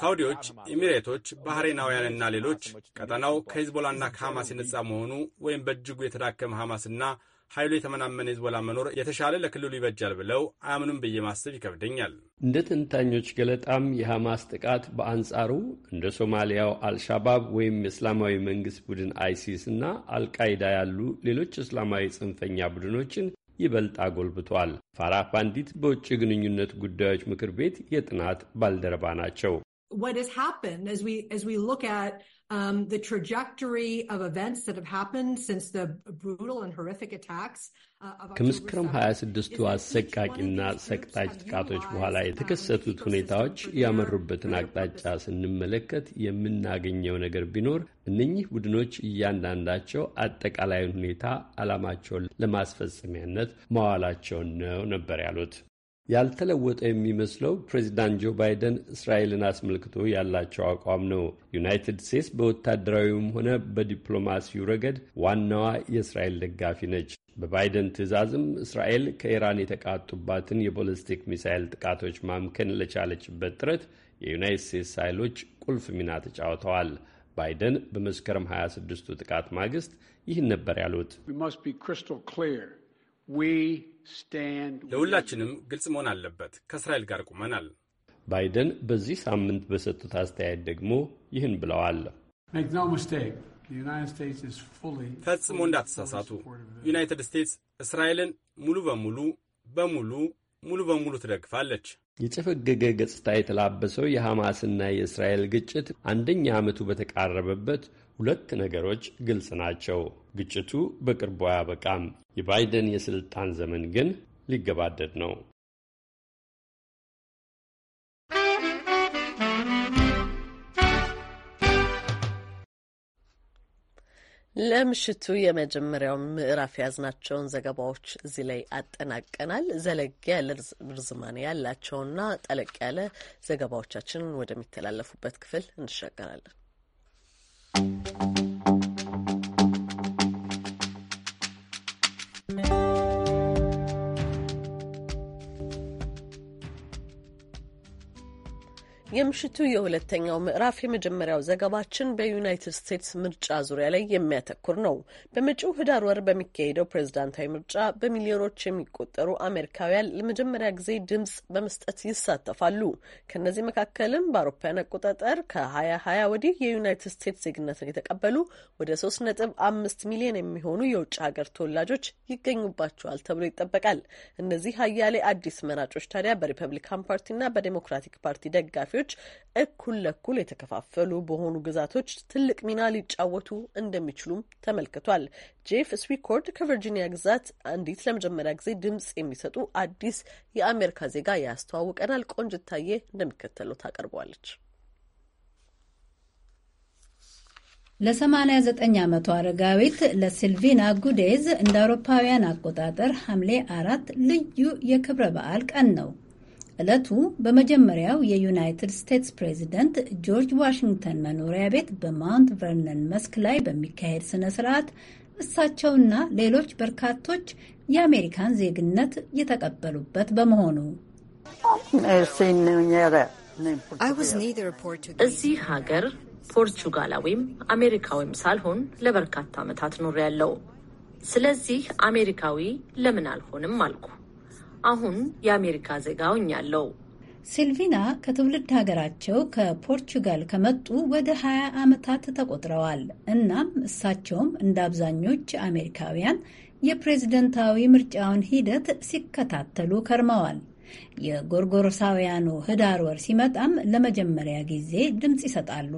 ሳውዲዎች፣ ኤሚሬቶች፣ ባህሬናውያንና ሌሎች ቀጠናው ከሂዝቦላና ከሐማስ የነጻ መሆኑ ወይም በእጅጉ የተዳከመ ሐማስና ኃይሉ የተመናመነ ሂዝቦላ መኖር የተሻለ ለክልሉ ይበጃል ብለው አያምኑም ብዬ ማሰብ ይከብደኛል። እንደ ተንታኞች ገለጣም የሐማስ ጥቃት በአንጻሩ እንደ ሶማሊያው አልሻባብ ወይም የእስላማዊ መንግሥት ቡድን አይሲስ እና አልቃይዳ ያሉ ሌሎች እስላማዊ ጽንፈኛ ቡድኖችን ይበልጥ አጎልብቷል። ፋራህ ፓንዲት በውጭ ግንኙነት ጉዳዮች ምክር ቤት የጥናት ባልደረባ ናቸው። what has happened as we as we look at um, the trajectory of events that have happened since the brutal and horrific attacks ከምስክረም 26ቱ አሰቃቂና ሰቅጣጭ ጥቃቶች በኋላ የተከሰቱት ሁኔታዎች ያመሩበትን አቅጣጫ ስንመለከት የምናገኘው ነገር ቢኖር እነኚህ ቡድኖች እያንዳንዳቸው አጠቃላይን ሁኔታ ዓላማቸውን ለማስፈጸሚያነት መዋላቸውን ነው ነበር ያሉት። ያልተለወጠ የሚመስለው ፕሬዚዳንት ጆ ባይደን እስራኤልን አስመልክቶ ያላቸው አቋም ነው። ዩናይትድ ስቴትስ በወታደራዊውም ሆነ በዲፕሎማሲው ረገድ ዋናዋ የእስራኤል ደጋፊ ነች። በባይደን ትዕዛዝም እስራኤል ከኢራን የተቃጡባትን የቦለስቲክ ሚሳይል ጥቃቶች ማምከን ለቻለችበት ጥረት የዩናይትድ ስቴትስ ኃይሎች ቁልፍ ሚና ተጫውተዋል። ባይደን በመስከረም 26ቱ ጥቃት ማግስት ይህን ነበር ያሉት። ለሁላችንም ግልጽ መሆን አለበት። ከእስራኤል ጋር ቁመናል። ባይደን በዚህ ሳምንት በሰጡት አስተያየት ደግሞ ይህን ብለዋል። ፈጽሞ እንዳትሳሳቱ። ዩናይትድ ስቴትስ እስራኤልን ሙሉ በሙሉ በሙሉ ሙሉ በሙሉ ትደግፋለች። የጨፈገገ ገጽታ የተላበሰው የሐማስና የእስራኤል ግጭት አንደኛ ዓመቱ በተቃረበበት ሁለት ነገሮች ግልጽ ናቸው። ግጭቱ በቅርቡ አያበቃም። የባይደን የስልጣን ዘመን ግን ሊገባደድ ነው። ለምሽቱ የመጀመሪያው ምዕራፍ የያዝናቸውን ዘገባዎች እዚህ ላይ አጠናቀናል። ዘለግ ያለ ርዝማኔ ያላቸውና ጠለቅ ያለ ዘገባዎቻችንን ወደሚተላለፉበት ክፍል እንሻገራለን። የምሽቱ የሁለተኛው ምዕራፍ የመጀመሪያው ዘገባችን በዩናይትድ ስቴትስ ምርጫ ዙሪያ ላይ የሚያተኩር ነው። በመጪው ህዳር ወር በሚካሄደው ፕሬዝዳንታዊ ምርጫ በሚሊዮኖች የሚቆጠሩ አሜሪካውያን ለመጀመሪያ ጊዜ ድምጽ በመስጠት ይሳተፋሉ። ከእነዚህ መካከልም በአውሮፓውያን አቆጣጠር ከ2020 ወዲህ የዩናይትድ ስቴትስ ዜግነትን የተቀበሉ ወደ 3.5 ሚሊዮን የሚሆኑ የውጭ ሀገር ተወላጆች ይገኙባቸዋል ተብሎ ይጠበቃል። እነዚህ አያሌ አዲስ መራጮች ታዲያ በሪፐብሊካን ፓርቲና በዴሞክራቲክ ፓርቲ ደጋፊዎች ተወላጆች እኩል ለኩል የተከፋፈሉ በሆኑ ግዛቶች ትልቅ ሚና ሊጫወቱ እንደሚችሉም ተመልክቷል። ጄፍ ስዊኮርድ ከቨርጂኒያ ግዛት አንዲት ለመጀመሪያ ጊዜ ድምጽ የሚሰጡ አዲስ የአሜሪካ ዜጋ ያስተዋውቀናል። ቆንጅታዬ እንደሚከተለው ታቀርበዋለች። ለ89 ዓመቷ አረጋዊት ለሲልቪና ጉዴዝ እንደ አውሮፓውያን አቆጣጠር ሐምሌ አራት ልዩ የክብረ በዓል ቀን ነው። ዕለቱ በመጀመሪያው የዩናይትድ ስቴትስ ፕሬዚደንት ጆርጅ ዋሽንግተን መኖሪያ ቤት በማውንት ቨርነን መስክ ላይ በሚካሄድ ስነ ስርዓት እሳቸውና ሌሎች በርካቶች የአሜሪካን ዜግነት የተቀበሉበት በመሆኑ እዚህ ሀገር ፖርቹጋላዊም አሜሪካዊም ሳልሆን ለበርካታ ዓመታት ኖሬያለሁ። ስለዚህ አሜሪካዊ ለምን አልሆንም አልኩ። አሁን የአሜሪካ ዜጋ ሆኛለሁ። ሲልቪና ከትውልድ ሀገራቸው ከፖርቹጋል ከመጡ ወደ 20 ዓመታት ተቆጥረዋል። እናም እሳቸውም እንደ አብዛኞች አሜሪካውያን የፕሬዝደንታዊ ምርጫውን ሂደት ሲከታተሉ ከርመዋል። የጎርጎሮሳውያኑ ህዳር ወር ሲመጣም ለመጀመሪያ ጊዜ ድምፅ ይሰጣሉ።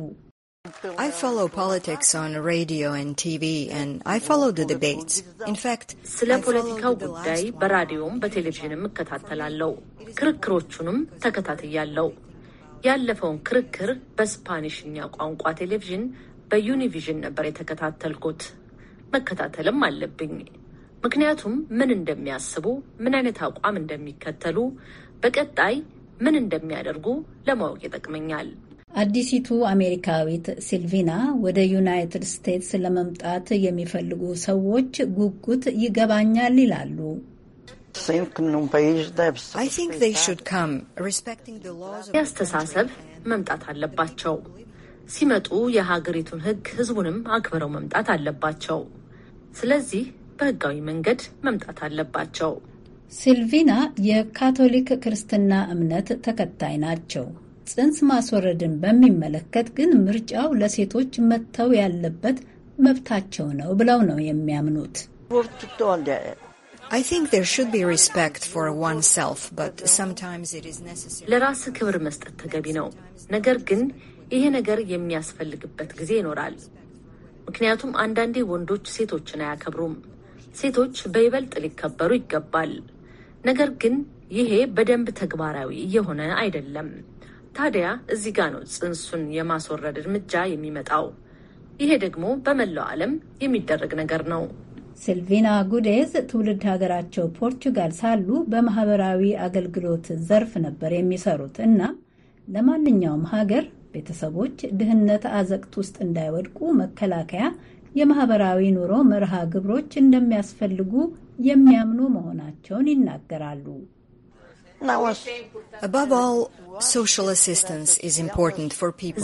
I follow politics on radio and TV and I follow the debates. In fact, ስለ ፖለቲካው ጉዳይ በራዲዮም በቴሌቪዥንም እከታተላለሁ። ክርክሮቹንም ተከታትያለሁ። ያለፈውን ክርክር በስፓኒሽኛ ቋንቋ ቴሌቪዥን በዩኒቪዥን ነበር የተከታተልኩት። መከታተልም አለብኝ። ምክንያቱም ምን እንደሚያስቡ፣ ምን አይነት አቋም እንደሚከተሉ፣ በቀጣይ ምን እንደሚያደርጉ ለማወቅ ይጠቅመኛል። አዲሲቱ አሜሪካዊት ሲልቪና ወደ ዩናይትድ ስቴትስ ለመምጣት የሚፈልጉ ሰዎች ጉጉት ይገባኛል ይላሉ። ያስተሳሰብ መምጣት አለባቸው። ሲመጡ የሀገሪቱን ሕግ ሕዝቡንም አክብረው መምጣት አለባቸው። ስለዚህ በህጋዊ መንገድ መምጣት አለባቸው። ሲልቪና የካቶሊክ ክርስትና እምነት ተከታይ ናቸው። ጽንስ ማስወረድን በሚመለከት ግን ምርጫው ለሴቶች መተው ያለበት መብታቸው ነው ብለው ነው የሚያምኑት። ለራስ ክብር መስጠት ተገቢ ነው። ነገር ግን ይሄ ነገር የሚያስፈልግበት ጊዜ ይኖራል። ምክንያቱም አንዳንዴ ወንዶች ሴቶችን አያከብሩም። ሴቶች በይበልጥ ሊከበሩ ይገባል። ነገር ግን ይሄ በደንብ ተግባራዊ እየሆነ አይደለም። ታዲያ እዚህ ጋ ነው ጽንሱን የማስወረድ እርምጃ የሚመጣው። ይሄ ደግሞ በመላው ዓለም የሚደረግ ነገር ነው። ሲልቪና ጉዴዝ ትውልድ ሀገራቸው ፖርቹጋል ሳሉ በማህበራዊ አገልግሎት ዘርፍ ነበር የሚሰሩት እና ለማንኛውም ሀገር ቤተሰቦች ድህነት አዘቅት ውስጥ እንዳይወድቁ መከላከያ የማህበራዊ ኑሮ መርሃ ግብሮች እንደሚያስፈልጉ የሚያምኑ መሆናቸውን ይናገራሉ። Uh,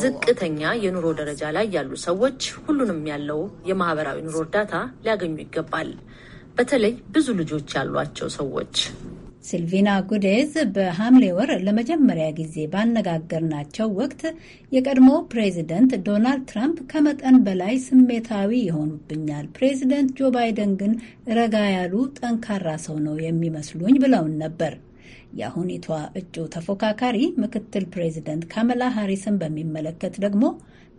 ዝቅተኛ የኑሮ ደረጃ ላይ ያሉ ሰዎች ሁሉንም ያለው የማህበራዊ ኑሮ እርዳታ ሊያገኙ ይገባል። በተለይ ብዙ ልጆች ያሏቸው ሰዎች። ሲልቪና ጉዴዝ በሐምሌ ወር ለመጀመሪያ ጊዜ ባነጋገርናቸው ወቅት የቀድሞ ፕሬዚደንት ዶናልድ ትራምፕ ከመጠን በላይ ስሜታዊ ይሆኑብኛል፣ ፕሬዚደንት ጆ ባይደን ግን ረጋ ያሉ ጠንካራ ሰው ነው የሚመስሉኝ ብለውን ነበር። የአሁኒቷ እጩ ተፎካካሪ ምክትል ፕሬዚደንት ካመላ ሃሪስን በሚመለከት ደግሞ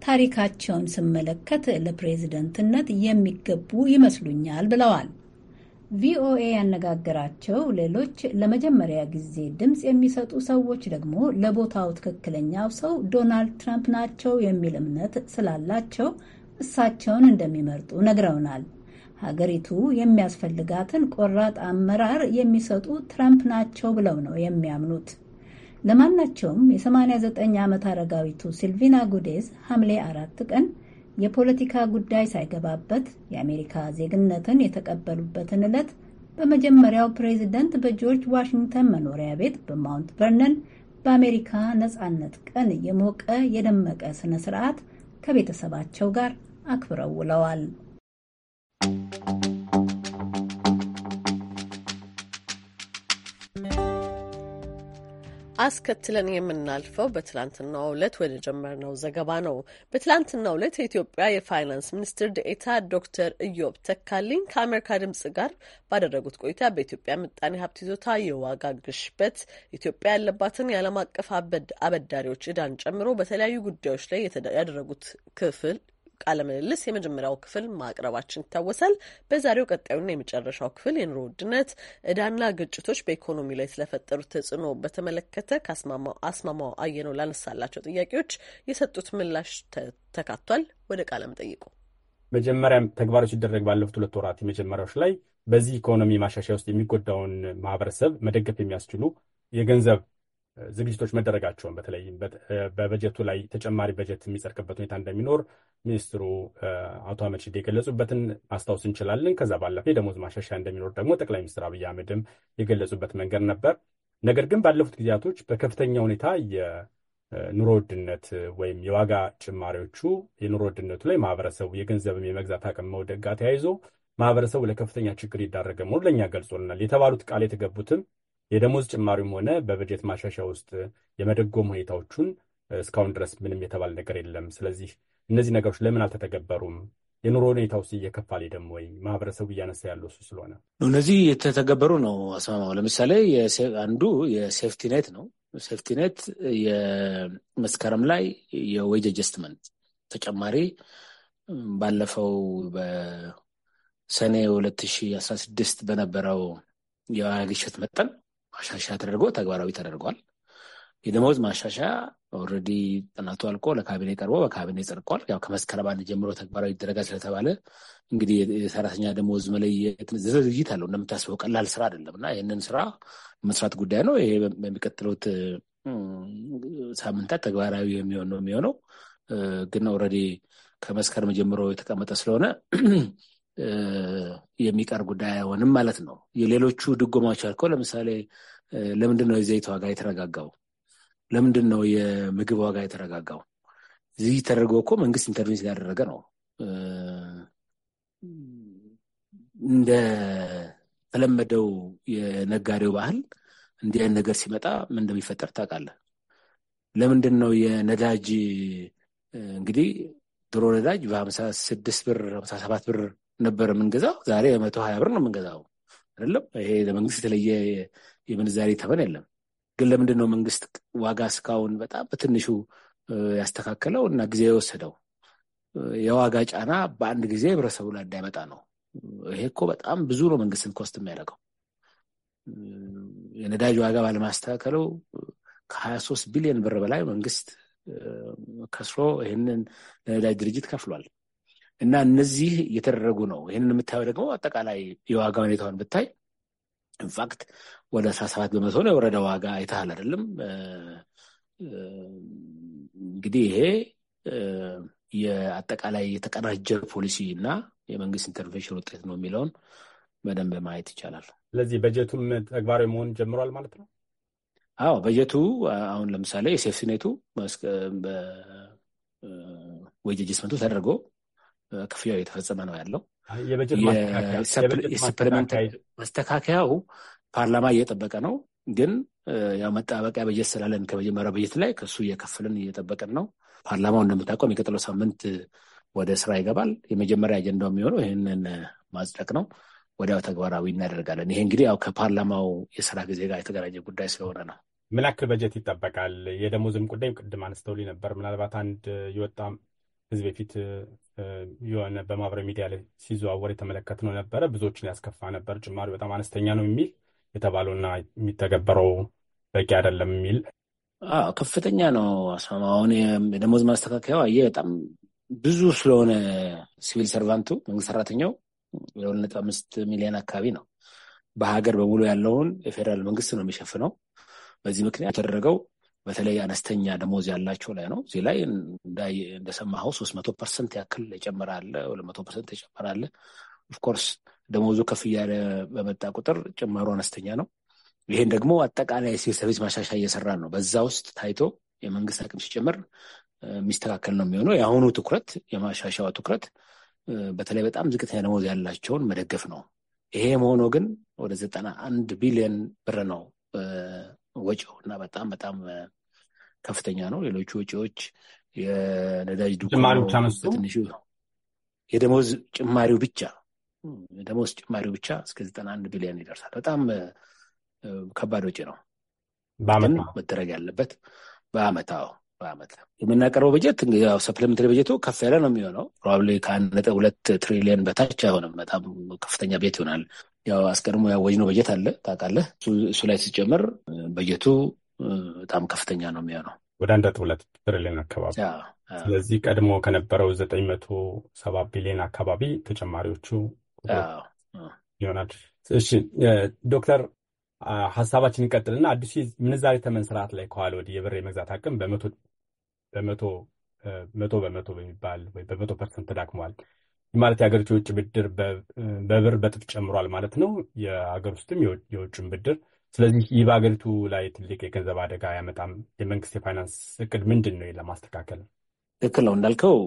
ታሪካቸውን ስመለከት ለፕሬዝደንትነት የሚገቡ ይመስሉኛል ብለዋል። ቪኦኤ ያነጋገራቸው ሌሎች ለመጀመሪያ ጊዜ ድምፅ የሚሰጡ ሰዎች ደግሞ ለቦታው ትክክለኛው ሰው ዶናልድ ትራምፕ ናቸው የሚል እምነት ስላላቸው እሳቸውን እንደሚመርጡ ነግረውናል። ሀገሪቱ የሚያስፈልጋትን ቆራጥ አመራር የሚሰጡ ትራምፕ ናቸው ብለው ነው የሚያምኑት። ለማናቸውም የ89 ዓመት አረጋዊቱ ሲልቪና ጉዴዝ ሐምሌ አራት ቀን የፖለቲካ ጉዳይ ሳይገባበት የአሜሪካ ዜግነትን የተቀበሉበትን ዕለት በመጀመሪያው ፕሬዚደንት በጆርጅ ዋሽንግተን መኖሪያ ቤት በማውንት ቨርነን በአሜሪካ ነጻነት ቀን የሞቀ የደመቀ ስነ ስርዓት ከቤተሰባቸው ጋር አክብረው ውለዋል። አስከትለን የምናልፈው በትላንትናው ዕለት ወደ ጀመርነው ዘገባ ነው። በትላንትናው ዕለት የኢትዮጵያ የፋይናንስ ሚኒስትር ደኤታ ዶክተር እዮብ ተካልኝ ከአሜሪካ ድምጽ ጋር ባደረጉት ቆይታ በኢትዮጵያ ምጣኔ ሀብት ይዞታ፣ የዋጋ ግሽበት፣ ኢትዮጵያ ያለባትን የዓለም አቀፍ አበዳሪዎች እዳን ጨምሮ በተለያዩ ጉዳዮች ላይ ያደረጉት ክፍል ቃለምልልስ የመጀመሪያው ክፍል ማቅረባችን ይታወሳል። በዛሬው ቀጣዩና የመጨረሻው ክፍል የኑሮ ውድነት፣ እዳና ግጭቶች በኢኮኖሚ ላይ ስለፈጠሩት ተጽዕኖ በተመለከተ ከአስማማው አየነው ላነሳላቸው ጥያቄዎች የሰጡት ምላሽ ተካቷል። ወደ ቃለም ጠይቁ መጀመሪያም ተግባሮች ሲደረግ ባለፉት ሁለት ወራት የመጀመሪያዎች ላይ በዚህ ኢኮኖሚ ማሻሻያ ውስጥ የሚጎዳውን ማህበረሰብ መደገፍ የሚያስችሉ የገንዘብ ዝግጅቶች መደረጋቸውን በተለይ በበጀቱ ላይ ተጨማሪ በጀት የሚጸድቅበት ሁኔታ እንደሚኖር ሚኒስትሩ አቶ አህመድ ሽዴ የገለጹበትን ማስታወስ እንችላለን። ከዛ ባለፈ የደሞዝ ማሻሻያ እንደሚኖር ደግሞ ጠቅላይ ሚኒስትር አብይ አህመድም የገለጹበት መንገድ ነበር። ነገር ግን ባለፉት ጊዜያቶች በከፍተኛ ሁኔታ የኑሮ ውድነት ወይም የዋጋ ጭማሪዎቹ የኑሮ ውድነቱ ላይ ማህበረሰቡ የገንዘብም የመግዛት አቅም መውደቅ ጋር ተያይዞ ማህበረሰቡ ለከፍተኛ ችግር ይዳረገ መሆኑ ለእኛ ገልጾልናል። የተባሉት ቃል የተገቡትም የደሞዝ ጭማሪም ሆነ በበጀት ማሻሻያ ውስጥ የመደጎም ሁኔታዎቹን እስካሁን ድረስ ምንም የተባለ ነገር የለም። ስለዚህ እነዚህ ነገሮች ለምን አልተተገበሩም? የኑሮ ሁኔታ ውስጥ እየከፋ ደግሞ ወይ ማህበረሰቡ እያነሳ ያለው እሱ ስለሆነ እነዚህ የተተገበሩ ነው። አስማማው፣ ለምሳሌ አንዱ የሴፍቲኔት ነው። ሴፍቲኔት የመስከረም ላይ የወጅ አጀስትመንት ተጨማሪ ባለፈው በሰኔ 2016 በነበረው የዋጋ ግሽበት መጠን ማሻሻያ ተደርጎ ተግባራዊ ተደርጓል። የደመወዝ ማሻሻያ ኦልሬዲ ጥናቱ አልቆ ለካቢኔ ቀርቦ በካቢኔ ጸድቋል። ያው ከመስከረም አንድ ጀምሮ ተግባራዊ ይደረጋል ስለተባለ እንግዲህ የሰራተኛ ደመወዝ መለየት ዝርዝር አለው። እንደምታስበው ቀላል ስራ አይደለም እና ይህንን ስራ መስራት ጉዳይ ነው። ይሄ በሚቀጥሉት ሳምንታት ተግባራዊ የሚሆን ነው የሚሆነው ግን ኦልሬዲ ከመስከረም ጀምሮ የተቀመጠ ስለሆነ የሚቀር ጉዳይ አይሆንም ማለት ነው። የሌሎቹ ድጎማዎች ያልከው ለምሳሌ ለምንድን ነው የዘይት ዋጋ የተረጋጋው? ለምንድን ነው የምግብ ዋጋ የተረጋጋው? እዚህ ተደርገው እኮ መንግስት ኢንተርቪን ስላደረገ ነው። ተለመደው የነጋዴው ባህል እንዲህ አይነት ነገር ሲመጣ ምን እንደሚፈጠር ታውቃለህ። ለምንድን ነው የነዳጅ እንግዲህ ድሮ ነዳጅ በሀምሳ ስድስት ብር ሀምሳ ሰባት ብር ነበር የምንገዛው። ዛሬ በመቶ ሀያ ብር ነው የምንገዛው። አይደለም ይሄ ለመንግስት የተለየ የምንዛሬ ተመን የለም። ግን ለምንድን ነው መንግስት ዋጋ እስካሁን በጣም በትንሹ ያስተካከለው እና ጊዜ የወሰደው? የዋጋ ጫና በአንድ ጊዜ ህብረተሰቡ ላይ እንዳይመጣ ነው። ይሄ እኮ በጣም ብዙ ነው መንግስትን ኮስት የሚያደርገው። የነዳጅ ዋጋ ባለማስተካከሉ ከሀያ ሶስት ቢሊዮን ብር በላይ መንግስት ከስሮ ይህንን ለነዳጅ ድርጅት ከፍሏል። እና እነዚህ እየተደረጉ ነው። ይህንን የምታየው ደግሞ አጠቃላይ የዋጋ ሁኔታውን ብታይ ኢንፋክት ወደ አስራ ሰባት በመቶ ነው የወረደ ዋጋ አይተሃል አይደለም? እንግዲህ ይሄ የአጠቃላይ የተቀናጀ ፖሊሲ እና የመንግስት ኢንተርቬንሽን ውጤት ነው የሚለውን በደንብ ማየት ይቻላል። ስለዚህ በጀቱም ተግባራዊ መሆን ጀምሯል ማለት ነው። አዎ በጀቱ አሁን ለምሳሌ የሴፍቲኔቱ ዌጅ አጀስትመንቱ ተደርጎ ክፍያው እየተፈጸመ ነው ያለው። የሰፕሊመንት ማስተካከያው ፓርላማ እየጠበቀ ነው። ግን ያው መጠባበቂያ በጀት ስላለን ከመጀመሪያው በጀት ላይ ከእሱ እየከፍልን እየጠበቅን ነው። ፓርላማው እንደምታውቀው የሚቀጥለው ሳምንት ወደ ስራ ይገባል። የመጀመሪያ አጀንዳው የሚሆነው ይህንን ማጽደቅ ነው። ወዲያው ተግባራዊ እናደርጋለን። ይሄ እንግዲህ ያው ከፓርላማው የስራ ጊዜ ጋር የተገናኘ ጉዳይ ስለሆነ ነው። ምን ያክል በጀት ይጠበቃል? የደሞዝም ጉዳይ ቅድም አነስተውልኝ ነበር። ምናልባት አንድ የወጣ ህዝብ የፊት የሆነ በማህበራዊ ሚዲያ ላይ ሲዘዋወር የተመለከትነው ነበረ። ብዙዎችን ያስከፋ ነበር። ጭማሪ በጣም አነስተኛ ነው የሚል የተባለውና የሚተገበረው በቂ አይደለም የሚል ከፍተኛ ነው። አስማማ አሁን ደሞዝ ማስተካከያው አየህ በጣም ብዙ ስለሆነ ሲቪል ሰርቫንቱ መንግስት ሰራተኛው የሁለት ነጥብ አምስት ሚሊዮን አካባቢ ነው። በሀገር በሙሉ ያለውን የፌዴራል መንግስት ነው የሚሸፍነው። በዚህ ምክንያት የተደረገው በተለይ አነስተኛ ደሞዝ ያላቸው ላይ ነው። እዚህ ላይ እንደሰማኸው ሶስት መቶ ፐርሰንት ያክል የጨምራለ ሁለት መቶ ፐርሰንት የጨምራለ። ኦፍኮርስ ደሞዙ ከፍ እያለ በመጣ ቁጥር ጭማሩ አነስተኛ ነው። ይሄን ደግሞ አጠቃላይ ሲቪል ሰርቪስ ማሻሻያ እየሰራ ነው። በዛ ውስጥ ታይቶ የመንግስት አቅም ሲጨምር የሚስተካከል ነው የሚሆነው። የአሁኑ ትኩረት የማሻሻያው ትኩረት በተለይ በጣም ዝቅተኛ ደሞዝ ያላቸውን መደገፍ ነው። ይሄ መሆኖ ግን ወደ ዘጠና አንድ ቢሊዮን ብር ነው ወጪው እና በጣም በጣም ከፍተኛ ነው። ሌሎቹ ወጪዎች የነዳጅ ዱትንሹ የደሞዝ ጭማሪው ብቻ ደሞዝ ጭማሪው ብቻ እስከ ዘጠና አንድ ቢሊዮን ይደርሳል። በጣም ከባድ ወጪ ነው። በአመት መደረግ ያለበት በአመት አዎ፣ በአመት የምናቀርበው በጀት ሰፕሊመንትሪ በጀቱ ከፍ ያለ ነው የሚሆነው። ፕሮባብሊ ከአንድ ነጥብ ሁለት ትሪሊየን በታች አይሆንም። በጣም ከፍተኛ ቤት ይሆናል። ያው አስቀድሞ ያወጅነው በጀት አለ ታውቃለህ። እሱ ላይ ሲጨመር በጀቱ በጣም ከፍተኛ ነው የሚሆነው ወደ አንድ ነጥብ ሁለት ትሪሊዮን አካባቢ። ስለዚህ ቀድሞ ከነበረው ዘጠኝ መቶ ሰባ ቢሊዮን አካባቢ ተጨማሪዎቹ ይሆናል። እሺ ዶክተር ሀሳባችን ይቀጥልና አዲሱ ምንዛሬ ተመን ስርዓት ላይ ከዋለ ወዲህ የብር የመግዛት አቅም በመቶ በመቶ በመቶ በሚባል ወይ በመቶ ፐርሰንት ተዳክሟል። ማለት የሀገሪቱ የውጭ ብድር በብር በጥፍ ጨምሯል ማለት ነው። የሀገር ውስጥም የውጭም ብድር። ስለዚህ ይህ በሀገሪቱ ላይ ትልቅ የገንዘብ አደጋ ያመጣም። የመንግስት የፋይናንስ እቅድ ምንድን ነው ለማስተካከል? ትክክል ነው እንዳልከው፣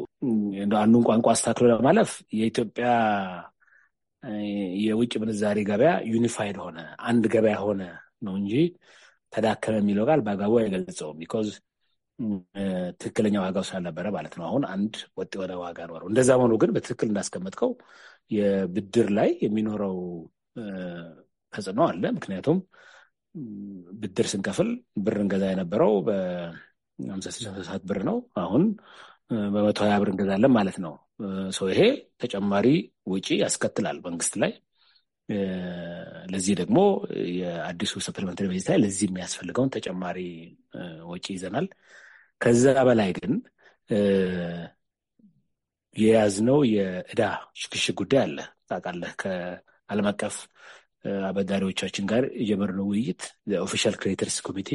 አንዱን ቋንቋ አስተካክሎ ለማለፍ የኢትዮጵያ የውጭ ምንዛሬ ገበያ ዩኒፋይድ ሆነ አንድ ገበያ ሆነ ነው እንጂ ተዳከመ የሚለው ቃል በአግባቡ አይገልጸውም። ቢኮዝ ትክክለኛ ዋጋው ስላልነበረ ማለት ነው። አሁን አንድ ወጥ የሆነ ዋጋ ኖረው። እንደዛ ሆኖ ግን በትክክል እንዳስቀመጥከው የብድር ላይ የሚኖረው ተጽዕኖ አለ። ምክንያቱም ብድር ስንከፍል ብር እንገዛ የነበረው በሀምሳ ብር ነው። አሁን በመቶ ሀያ ብር እንገዛለን ማለት ነው። ሰው ይሄ ተጨማሪ ወጪ ያስከትላል መንግስት ላይ። ለዚህ ደግሞ የአዲሱ ሰፕሊመንታሪ ቤዝ ላይ ለዚህ የሚያስፈልገውን ተጨማሪ ወጪ ይዘናል። ከዛ በላይ ግን የያዝነው የእዳ ሽክሽግ ጉዳይ አለ። ታውቃለህ ከዓለም አቀፍ አበዳሪዎቻችን ጋር የጀመርነው ውይይት ኦፊሻል ክሬተርስ ኮሚቴ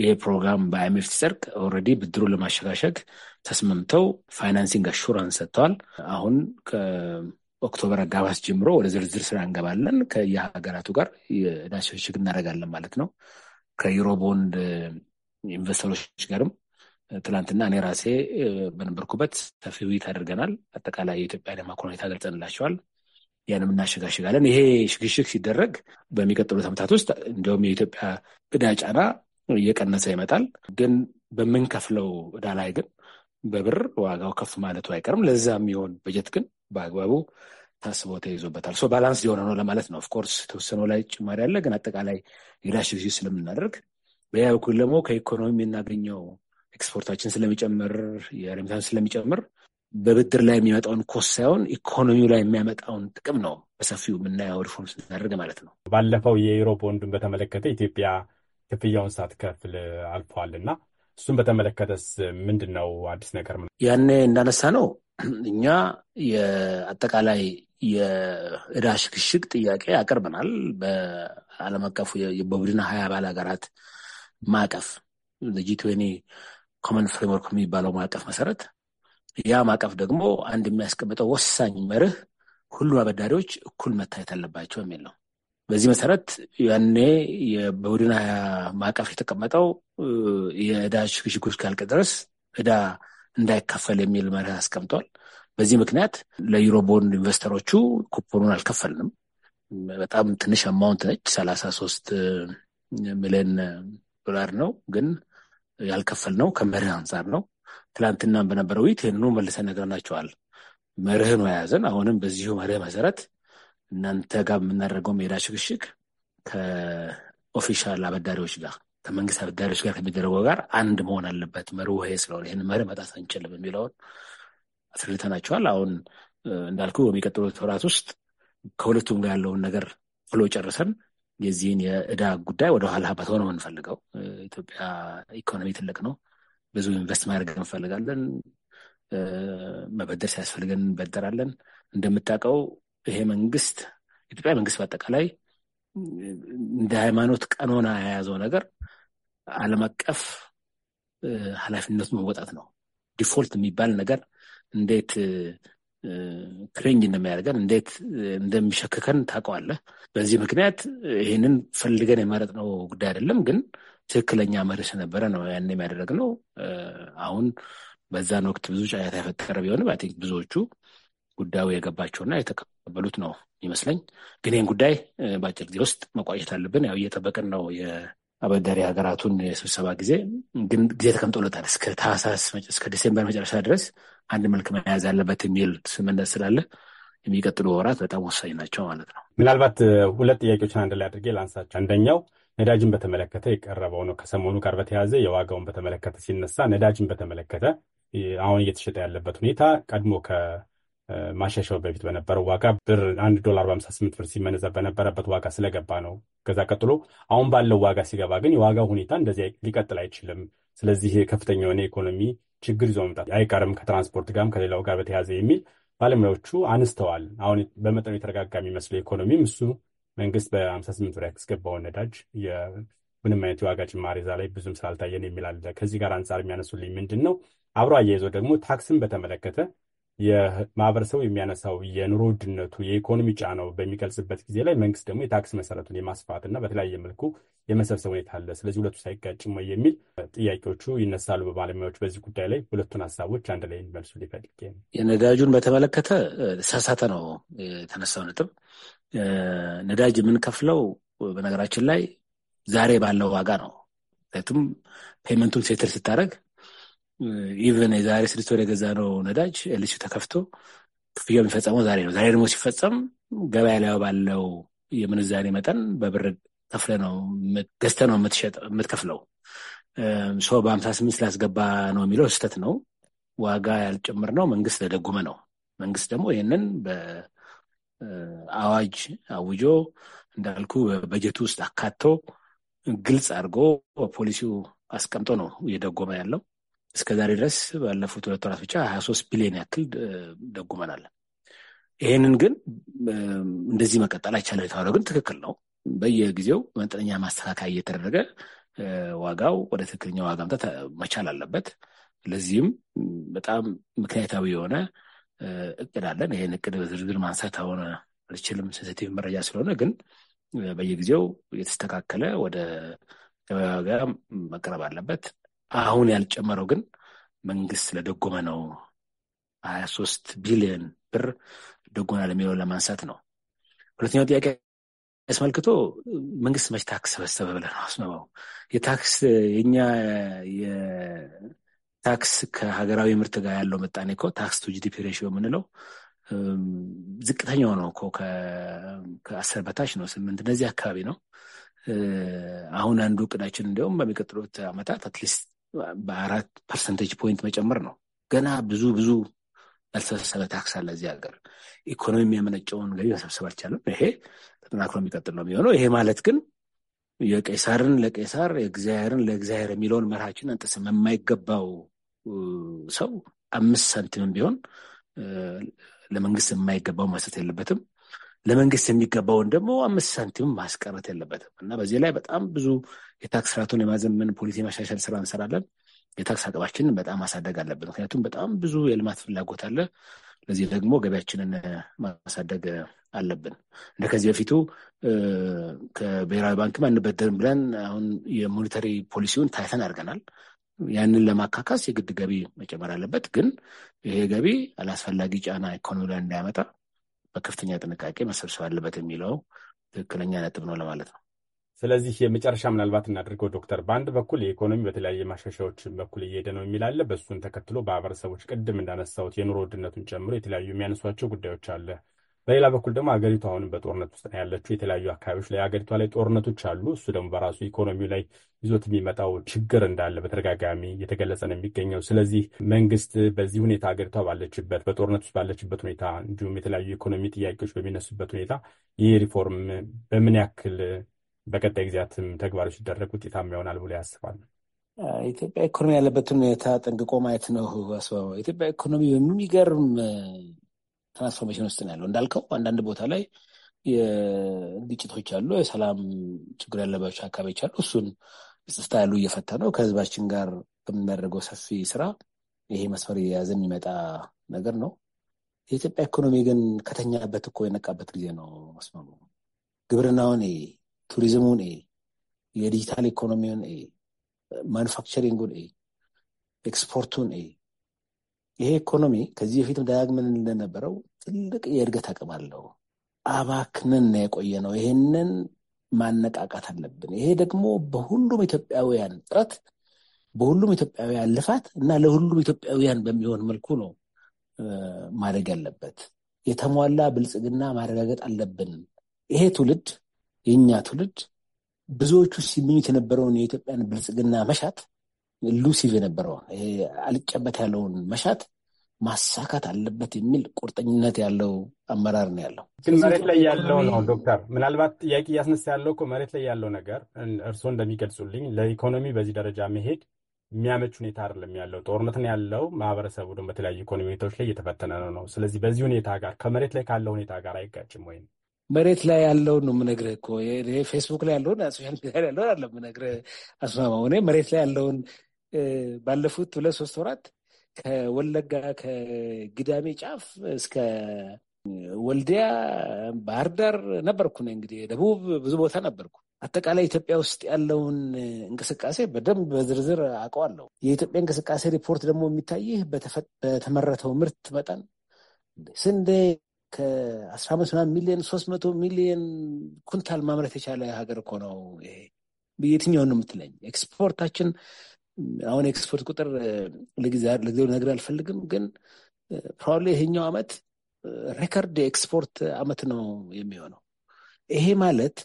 ይሄ ፕሮግራም በአይምኤፍ ሲጸድቅ ኦልሬዲ ብድሩን ለማሸጋሸግ ተስማምተው ፋይናንሲንግ አሹራንስ ሰጥተዋል። አሁን ከኦክቶበር አጋባስ ጀምሮ ወደ ዝርዝር ስራ እንገባለን። ከየሀገራቱ ጋር የዕዳ ሽግሽግ እናደርጋለን ማለት ነው። ከዩሮቦንድ ኢንቨስተሮች ጋርም ትላንትና እኔ ራሴ በነበርኩበት ሰፊ ውይይት አድርገናል። አጠቃላይ የኢትዮጵያ ልማት ሁኔታ ገልጸንላቸዋል። ያንም እናሸጋሽጋለን። ይሄ ሽግሽግ ሲደረግ በሚቀጥሉት ዓመታት ውስጥ እንዲሁም የኢትዮጵያ እዳ ጫና እየቀነሰ ይመጣል። ግን በምንከፍለው እዳ ላይ ግን በብር ዋጋው ከፍ ማለቱ አይቀርም። ለዛ የሚሆን በጀት ግን በአግባቡ ታስቦ ተይዞበታል። ሶ ባላንስ የሆነ ነው ለማለት ነው። ኦፍኮርስ ተወሰኖ ላይ ጭማሪ አለ፣ ግን አጠቃላይ ሌላ ሽግሽግ ስለምናደርግ በያ በኩል ደግሞ ከኢኮኖሚ የምናገኘው ኤክስፖርታችን ስለሚጨምር፣ የሬሚታንስ ስለሚጨምር በብድር ላይ የሚመጣውን ኮስ ሳይሆን ኢኮኖሚው ላይ የሚያመጣውን ጥቅም ነው በሰፊው የምናየው ሪፎርም ስናደርግ ማለት ነው። ባለፈው የዩሮ ቦንዱን በተመለከተ ኢትዮጵያ ክፍያውን ሳትከፍል አልፈዋል እና እሱን በተመለከተስ ምንድን ነው አዲስ ነገር? ያኔ እንዳነሳ ነው እኛ የአጠቃላይ የእዳ ሽግሽግ ጥያቄ አቅርበናል። በዓለም አቀፉ በቡድን ሀያ አባል ሀገራት ማዕቀፍ ጂ ትዌንቲ ኮመን ፍሬምወርክ የሚባለው ማዕቀፍ መሰረት ያ ማዕቀፍ ደግሞ አንድ የሚያስቀምጠው ወሳኝ መርህ ሁሉም አበዳሪዎች እኩል መታየት አለባቸው የሚል ነው። በዚህ መሰረት ያኔ በቡድን ሀያ ማዕቀፍ የተቀመጠው የእዳ ሽግሽጉ እስካልቅ ድረስ እዳ እንዳይከፈል የሚል መርህ አስቀምጧል። በዚህ ምክንያት ለዩሮ ቦንድ ኢንቨስተሮቹ ኩፖኑን አልከፈልንም። በጣም ትንሽ አማውንት ነች፣ ሰላሳ ሶስት ሚሊዮን ዶላር ነው ግን ያልከፈል ነው ከመርህ አንጻር ነው። ትላንትና በነበረው ውይይት ይህንኑ መልሰን ነግረናቸዋል። መርህ ነው የያዘን። አሁንም በዚሁ መርህ መሰረት እናንተ ጋር የምናደርገው ሜዳ ሽግሽግ ከኦፊሻል አበዳሪዎች ጋር ከመንግስት አበዳሪዎች ጋር ከሚደረገው ጋር አንድ መሆን አለበት። መርህ ውሄ ስለሆነ ይህን መርህ መጣት አንችልም የሚለውን አስረድተናቸዋል። አሁን እንዳልኩ በሚቀጥሉት ወራት ውስጥ ከሁለቱም ጋር ያለውን ነገር ብሎ ጨርሰን የዚህን የእዳ ጉዳይ ኋላ ባትሆን ነው የምንፈልገው። ኢትዮጵያ ኢኮኖሚ ትልቅ ነው። ብዙ ኢንቨስት ማድረግ እንፈልጋለን። መበደር ሲያስፈልገን እንበደራለን። እንደምታውቀው ይሄ መንግስት ኢትዮጵያ መንግስት በአጠቃላይ እንደ ሃይማኖት ቀኖና የያዘው ነገር ዓለም አቀፍ ኃላፊነቱ መወጣት ነው። ዲፎልት የሚባል ነገር እንዴት ክሬንጅ እንደሚያደርገን እንዴት እንደሚሸክከን ታውቀዋለህ። በዚህ ምክንያት ይህንን ፈልገን የመረጥነው ጉዳይ አይደለም፣ ግን ትክክለኛ መርህ ስለነበረ ነው ያን የሚያደረግነው። አሁን በዛን ወቅት ብዙ ጫጫታ የፈጠረ ቢሆንም አይ ቲንክ ብዙዎቹ ጉዳዩ የገባቸውና የተቀበሉት ነው ይመስለኝ። ግን ይህን ጉዳይ በአጭር ጊዜ ውስጥ መቋጨት አለብን። ያው እየጠበቅን ነው አበዳሪ ሀገራቱን የስብሰባ ጊዜ ግን ጊዜ ተቀምጦለታል እስከ ታህሳስ እስከ ዲሴምበር መጨረሻ ድረስ አንድ መልክ መያዝ ያለበት የሚል ስምምነት ስላለ የሚቀጥሉ ወራት በጣም ወሳኝ ናቸው ማለት ነው። ምናልባት ሁለት ጥያቄዎችን አንድ ላይ አድርጌ ላንሳቸው። አንደኛው ነዳጅን በተመለከተ የቀረበው ነው። ከሰሞኑ ጋር በተያያዘ የዋጋውን በተመለከተ ሲነሳ ነዳጅን በተመለከተ አሁን እየተሸጠ ያለበት ሁኔታ ቀድሞ ማሻሻው በፊት በነበረው ዋጋ ብር አንድ ዶላር በሀምሳ ስምንት ብር ሲመነዘር በነበረበት ዋጋ ስለገባ ነው። ከዛ ቀጥሎ አሁን ባለው ዋጋ ሲገባ ግን የዋጋው ሁኔታ እንደዚህ ሊቀጥል አይችልም። ስለዚህ ከፍተኛ የሆነ ኢኮኖሚ ችግር ይዞ መምጣት አይቀርም፣ ከትራንስፖርት ጋርም ከሌላው ጋር በተያያዘ የሚል ባለሙያዎቹ አንስተዋል። አሁን በመጠኑ የተረጋጋ የሚመስለው ኢኮኖሚም እሱ መንግስት በ58 ብር ያስገባውን ነዳጅ ምንም አይነት የዋጋ ጭማሪ እዛ ላይ ብዙም ስላልታየን የሚል አለ። ከዚህ ጋር አንጻር የሚያነሱልኝ ምንድን ነው አብሮ አያይዘው ደግሞ ታክስን በተመለከተ የማህበረሰቡ የሚያነሳው የኑሮ ውድነቱ የኢኮኖሚ ጫናው በሚገልጽበት ጊዜ ላይ መንግስት ደግሞ የታክስ መሰረቱን የማስፋት እና በተለያየ መልኩ የመሰብሰብ ሁኔታ አለ። ስለዚህ ሁለቱ ሳይጋጭም ወይ የሚል ጥያቄዎቹ ይነሳሉ በባለሙያዎች። በዚህ ጉዳይ ላይ ሁለቱን ሀሳቦች አንድ ላይ መልሱ ሊፈልግ የነዳጁን በተመለከተ ሰሳተ ነው የተነሳው ነጥብ። ነዳጅ የምንከፍለው በነገራችን ላይ ዛሬ ባለው ዋጋ ነው። ምክንያቱም ፔመንቱን ሴትል ስታደረግ ኢቨን የዛሬ ስድስት ወር የገዛ ነው ነዳጅ ኤልሲው ተከፍቶ ክፍያው የሚፈጸመው ዛሬ ነው። ዛሬ ደግሞ ሲፈጸም ገበያ ላይ ባለው የምንዛሬ መጠን በብር ከፍለ ነው ገዝተ ነው የምትከፍለው። ሰው በአምሳ ስምንት ስላስገባ ነው የሚለው ስህተት ነው። ዋጋ ያልጨምር ነው መንግስት ለደጉመ ነው። መንግስት ደግሞ ይህንን በአዋጅ አውጆ እንዳልኩ በበጀቱ ውስጥ አካቶ ግልጽ አድርጎ ፖሊሲው አስቀምጦ ነው እየደጎመ ያለው። እስከ ዛሬ ድረስ ባለፉት ሁለት ወራት ብቻ ሀያ ሶስት ቢሊዮን ያክል ደጉመናል። ይህንን ግን እንደዚህ መቀጠል አይቻልም የተባለው ግን ትክክል ነው። በየጊዜው መጠነኛ ማስተካከያ እየተደረገ ዋጋው ወደ ትክክለኛ ዋጋ መምጣት መቻል አለበት። ለዚህም በጣም ምክንያታዊ የሆነ እቅድ አለን። ይህን እቅድ በዝርዝር ማንሳት አሁን አልችልም፣ ሴንሲቲቭ መረጃ ስለሆነ ግን በየጊዜው የተስተካከለ ወደ ገበያ ዋጋ መቅረብ አለበት። አሁን ያልጨመረው ግን መንግስት ለደጎመ ነው። ሀያ ሶስት ቢሊዮን ብር ደጎና ለሚለው ለማንሳት ነው። ሁለተኛው ጥያቄ አስመልክቶ መንግስት መች ታክስ ሰበሰበ ብለህ ነው አስነበው። የታክስ የኛ የታክስ ከሀገራዊ ምርት ጋር ያለው መጣኔ እኮ ታክስ ቱ ጂዲፒ ሬሽዮ የምንለው ዝቅተኛው ነው እኮ ከአስር በታች ነው፣ ስምንት እነዚህ አካባቢ ነው። አሁን አንዱ እቅዳችን እንዲሁም በሚቀጥሉት ዓመታት አትሊስት በአራት ፐርሰንቴጅ ፖይንት መጨመር ነው። ገና ብዙ ብዙ ያልተሰበሰበ ታክስ አለ እዚህ ሀገር። ኢኮኖሚ የሚያመነጨውን ገቢ መሰብሰብ አልቻለም። ይሄ ተጠናክሮ የሚቀጥል ነው የሚሆነው። ይሄ ማለት ግን የቄሳርን ለቄሳር የእግዚአብሔርን ለእግዚአብሔር የሚለውን መርሃችን አንጥስም። የማይገባው ሰው አምስት ሳንቲምም ቢሆን ለመንግስት የማይገባው መስጠት የለበትም። ለመንግስት የሚገባውን ደግሞ አምስት ሳንቲም ማስቀረት የለበትም እና በዚህ ላይ በጣም ብዙ የታክስ ስርዓቱን የማዘመን ፖሊሲ የማሻሻል ስራ እንሰራለን። የታክስ አቅማችንን በጣም ማሳደግ አለብን። ምክንያቱም በጣም ብዙ የልማት ፍላጎት አለ። ለዚህ ደግሞ ገቢያችንን ማሳደግ አለብን። እንደ ከዚህ በፊቱ ከብሔራዊ ባንክም አንበደርም ብለን አሁን የሞኒተሪ ፖሊሲውን ታይተን አድርገናል። ያንን ለማካካስ የግድ ገቢ መጨመር አለበት። ግን ይሄ ገቢ አላስፈላጊ ጫና ኢኮኖሚ ላይ እንዳያመጣ በከፍተኛ ጥንቃቄ መሰብሰብ አለበት የሚለው ትክክለኛ ነጥብ ነው ለማለት ነው። ስለዚህ የመጨረሻ ምናልባት እናድርገው ዶክተር፣ በአንድ በኩል የኢኮኖሚ በተለያየ ማሻሻያዎች በኩል እየሄደ ነው የሚላለ በእሱን ተከትሎ ማህበረሰቦች ቅድም እንዳነሳሁት የኑሮ ውድነቱን ጨምሮ የተለያዩ የሚያነሷቸው ጉዳዮች አለ። በሌላ በኩል ደግሞ ሀገሪቱ አሁንም በጦርነት ውስጥ ነው ያለችው። የተለያዩ አካባቢዎች ላይ አገሪቷ ላይ ጦርነቶች አሉ። እሱ ደግሞ በራሱ ኢኮኖሚው ላይ ይዞት የሚመጣው ችግር እንዳለ በተደጋጋሚ እየተገለጸ ነው የሚገኘው። ስለዚህ መንግስት በዚህ ሁኔታ አገሪቷ ባለችበት በጦርነት ውስጥ ባለችበት ሁኔታ እንዲሁም የተለያዩ ኢኮኖሚ ጥያቄዎች በሚነሱበት ሁኔታ ይህ ሪፎርም በምን ያክል በቀጣይ ጊዜያትም ተግባሮች ሲደረግ ውጤታማ ይሆናል ብሎ ያስባል? ኢትዮጵያ ኢኮኖሚ ያለበትን ሁኔታ ጠንቅቆ ማየት ነው አስባባ። ኢትዮጵያ ኢኮኖሚ በሚገርም ትራንስፎርሜሽን ውስጥ ነው ያለው። እንዳልከው አንዳንድ ቦታ ላይ ግጭቶች አሉ፣ የሰላም ችግር ያለባቸው አካባቢዎች አሉ። እሱን ጽስታ ያሉ እየፈታ ነው። ከህዝባችን ጋር በምናደርገው ሰፊ ስራ ይሄ መስመር የያዘ የሚመጣ ነገር ነው። የኢትዮጵያ ኢኮኖሚ ግን ከተኛበት እኮ የነቃበት ጊዜ ነው። መስመሩ ግብርናውን፣ ቱሪዝሙን፣ የዲጂታል ኢኮኖሚውን፣ ማኑፋክቸሪንጉን፣ ኤክስፖርቱን ይሄ ኢኮኖሚ ከዚህ በፊትም ደጋግመን እንደነበረው ትልቅ የእድገት አቅም አለው። አባክነን ነው የቆየ ነው። ይሄንን ማነቃቃት አለብን። ይሄ ደግሞ በሁሉም ኢትዮጵያውያን ጥረት፣ በሁሉም ኢትዮጵያውያን ልፋት እና ለሁሉም ኢትዮጵያውያን በሚሆን መልኩ ነው ማደግ ያለበት። የተሟላ ብልጽግና ማረጋገጥ አለብን። ይሄ ትውልድ የእኛ ትውልድ ብዙዎቹ ሲመኙት የነበረውን የኢትዮጵያን ብልጽግና መሻት ሉሲቭ የነበረው ይሄ አልጨበት ያለውን መሻት ማሳካት አለበት የሚል ቁርጠኝነት ያለው አመራር ነው ያለው። ግን መሬት ላይ ያለው ነው ዶክተር፣ ምናልባት ጥያቄ እያስነሳ ያለው እኮ መሬት ላይ ያለው ነገር እርስዎ እንደሚገልጹልኝ ለኢኮኖሚ በዚህ ደረጃ መሄድ የሚያመች ሁኔታ አይደለም ያለው። ጦርነት ነው ያለው። ማህበረሰቡ ደግሞ በተለያዩ ኢኮኖሚ ሁኔታዎች ላይ እየተፈተነ ነው ነው። ስለዚህ በዚህ ሁኔታ ጋር ከመሬት ላይ ካለው ሁኔታ ጋር አይጋጭም ወይም መሬት ላይ ያለውን ነው የምነግርህ እኮ ፌስቡክ ላይ ያለውን ሶሻል ሚዲያ ያለውን አለ የምነግርህ አስማማ። እኔ መሬት ላይ ያለውን ባለፉት ሁለት ሶስት ወራት ከወለጋ ከግዳሜ ጫፍ እስከ ወልዲያ፣ ባህር ዳር ነበርኩ። እንግዲህ ደቡብ ብዙ ቦታ ነበርኩ። አጠቃላይ ኢትዮጵያ ውስጥ ያለውን እንቅስቃሴ በደንብ በዝርዝር አውቀዋለሁ። የኢትዮጵያ እንቅስቃሴ ሪፖርት ደግሞ የሚታይህ በተመረተው ምርት መጠን ስንዴ ከአስራ አምስት ሚሊዮን ሶስት መቶ ሚሊዮን ኩንታል ማምረት የቻለ ሀገር እኮ ነው። ይሄ የትኛውን ነው የምትለኝ? ኤክስፖርታችን አሁን ኤክስፖርት ቁጥር ለጊዜው ነገር አልፈልግም፣ ግን ፕሮባብሊ ይሄኛው አመት ሬከርድ የኤክስፖርት አመት ነው የሚሆነው። ይሄ ማለት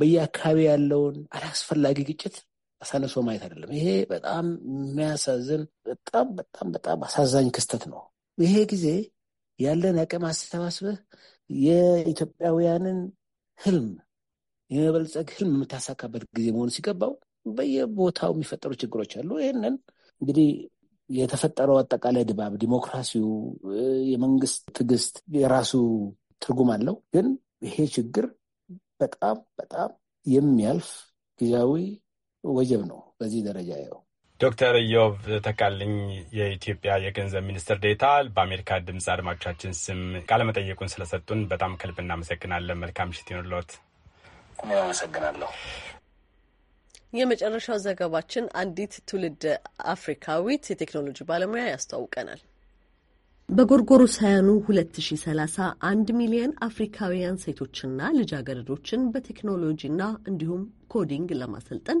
በየአካባቢ ያለውን አላስፈላጊ ግጭት አሳንሶ ማየት አይደለም። ይሄ በጣም የሚያሳዝን በጣም በጣም በጣም አሳዛኝ ክስተት ነው። ይሄ ጊዜ ያለን አቅም አሰባስበህ የኢትዮጵያውያንን ህልም የመበልጸግ ህልም የምታሳካበት ጊዜ መሆኑ ሲገባው በየቦታው የሚፈጠሩ ችግሮች አሉ። ይህንን እንግዲህ የተፈጠረው አጠቃላይ ድባብ፣ ዲሞክራሲው፣ የመንግስት ትዕግስት የራሱ ትርጉም አለው። ግን ይሄ ችግር በጣም በጣም የሚያልፍ ጊዜያዊ ወጀብ ነው። በዚህ ደረጃ ያው ዶክተር ኢዮብ ተካልኝ የኢትዮጵያ የገንዘብ ሚኒስትር ዴታ በአሜሪካ ድምፅ አድማጮቻችን ስም ቃለመጠየቁን ስለሰጡን በጣም ከልብ እናመሰግናለን። መልካም ምሽት ይኑርልዎት። እኔ አመሰግናለሁ። የመጨረሻው ዘገባችን አንዲት ትውልድ አፍሪካዊት የቴክኖሎጂ ባለሙያ ያስተዋውቀናል። በጎርጎሮ ሳያኑ 2030 አንድ ሚሊየን አፍሪካውያን ሴቶችና ልጃገረዶችን በቴክኖሎጂና እንዲሁም ኮዲንግ ለማሰልጠን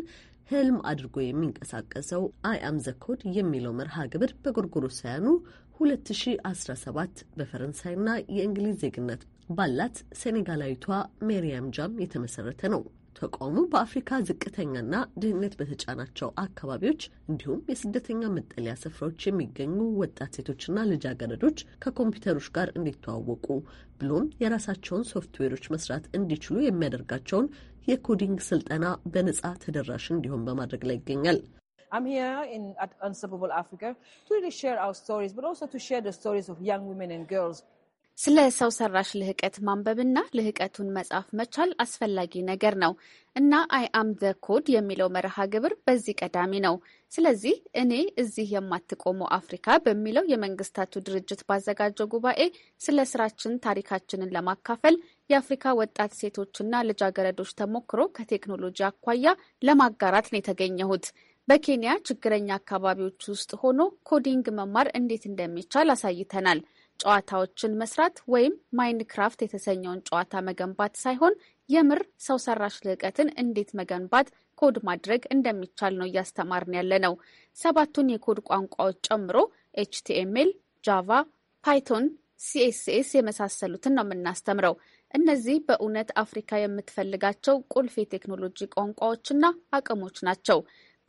ህልም አድርጎ የሚንቀሳቀሰው አይ አም ዘ ኮድ የሚለው መርሃ ግብር በጎርጎሮ ሳያኑ 2017 በፈረንሳይና የእንግሊዝ ዜግነት ባላት ሴኔጋላዊቷ ሜሪያም ጃም የተመሰረተ ነው። ተቋሙ በአፍሪካ ዝቅተኛና ድህነት በተጫናቸው አካባቢዎች እንዲሁም የስደተኛ መጠለያ ስፍራዎች የሚገኙ ወጣት ሴቶችና ልጃገረዶች ከኮምፒውተሮች ጋር እንዲተዋወቁ ብሎም የራሳቸውን ሶፍትዌሮች መስራት እንዲችሉ የሚያደርጋቸውን የኮዲንግ ስልጠና በነጻ ተደራሽ እንዲሆን በማድረግ ላይ ይገኛል። I'm here in, at Unstoppable Africa to really share our stories, but also to share the stories of young women and girls ስለ ሰው ሰራሽ ልህቀት ማንበብና ልህቀቱን መጻፍ መቻል አስፈላጊ ነገር ነው እና አይ አም ዘ ኮድ የሚለው መርሃ ግብር በዚህ ቀዳሚ ነው። ስለዚህ እኔ እዚህ የማትቆመው አፍሪካ በሚለው የመንግስታቱ ድርጅት ባዘጋጀው ጉባኤ ስለ ስራችን ታሪካችንን ለማካፈል የአፍሪካ ወጣት ሴቶችና ልጃገረዶች ተሞክሮ ከቴክኖሎጂ አኳያ ለማጋራት ነው የተገኘሁት። በኬንያ ችግረኛ አካባቢዎች ውስጥ ሆኖ ኮዲንግ መማር እንዴት እንደሚቻል አሳይተናል። ጨዋታዎችን መስራት ወይም ማይንክራፍት የተሰኘውን ጨዋታ መገንባት ሳይሆን የምር ሰው ሰራሽ ልዕቀትን እንዴት መገንባት ኮድ ማድረግ እንደሚቻል ነው እያስተማርን ያለ ነው። ሰባቱን የኮድ ቋንቋዎች ጨምሮ ኤችቲኤምኤል፣ ጃቫ፣ ፓይቶን፣ ሲኤስኤስ የመሳሰሉትን ነው የምናስተምረው። እነዚህ በእውነት አፍሪካ የምትፈልጋቸው ቁልፍ የቴክኖሎጂ ቋንቋዎችና አቅሞች ናቸው።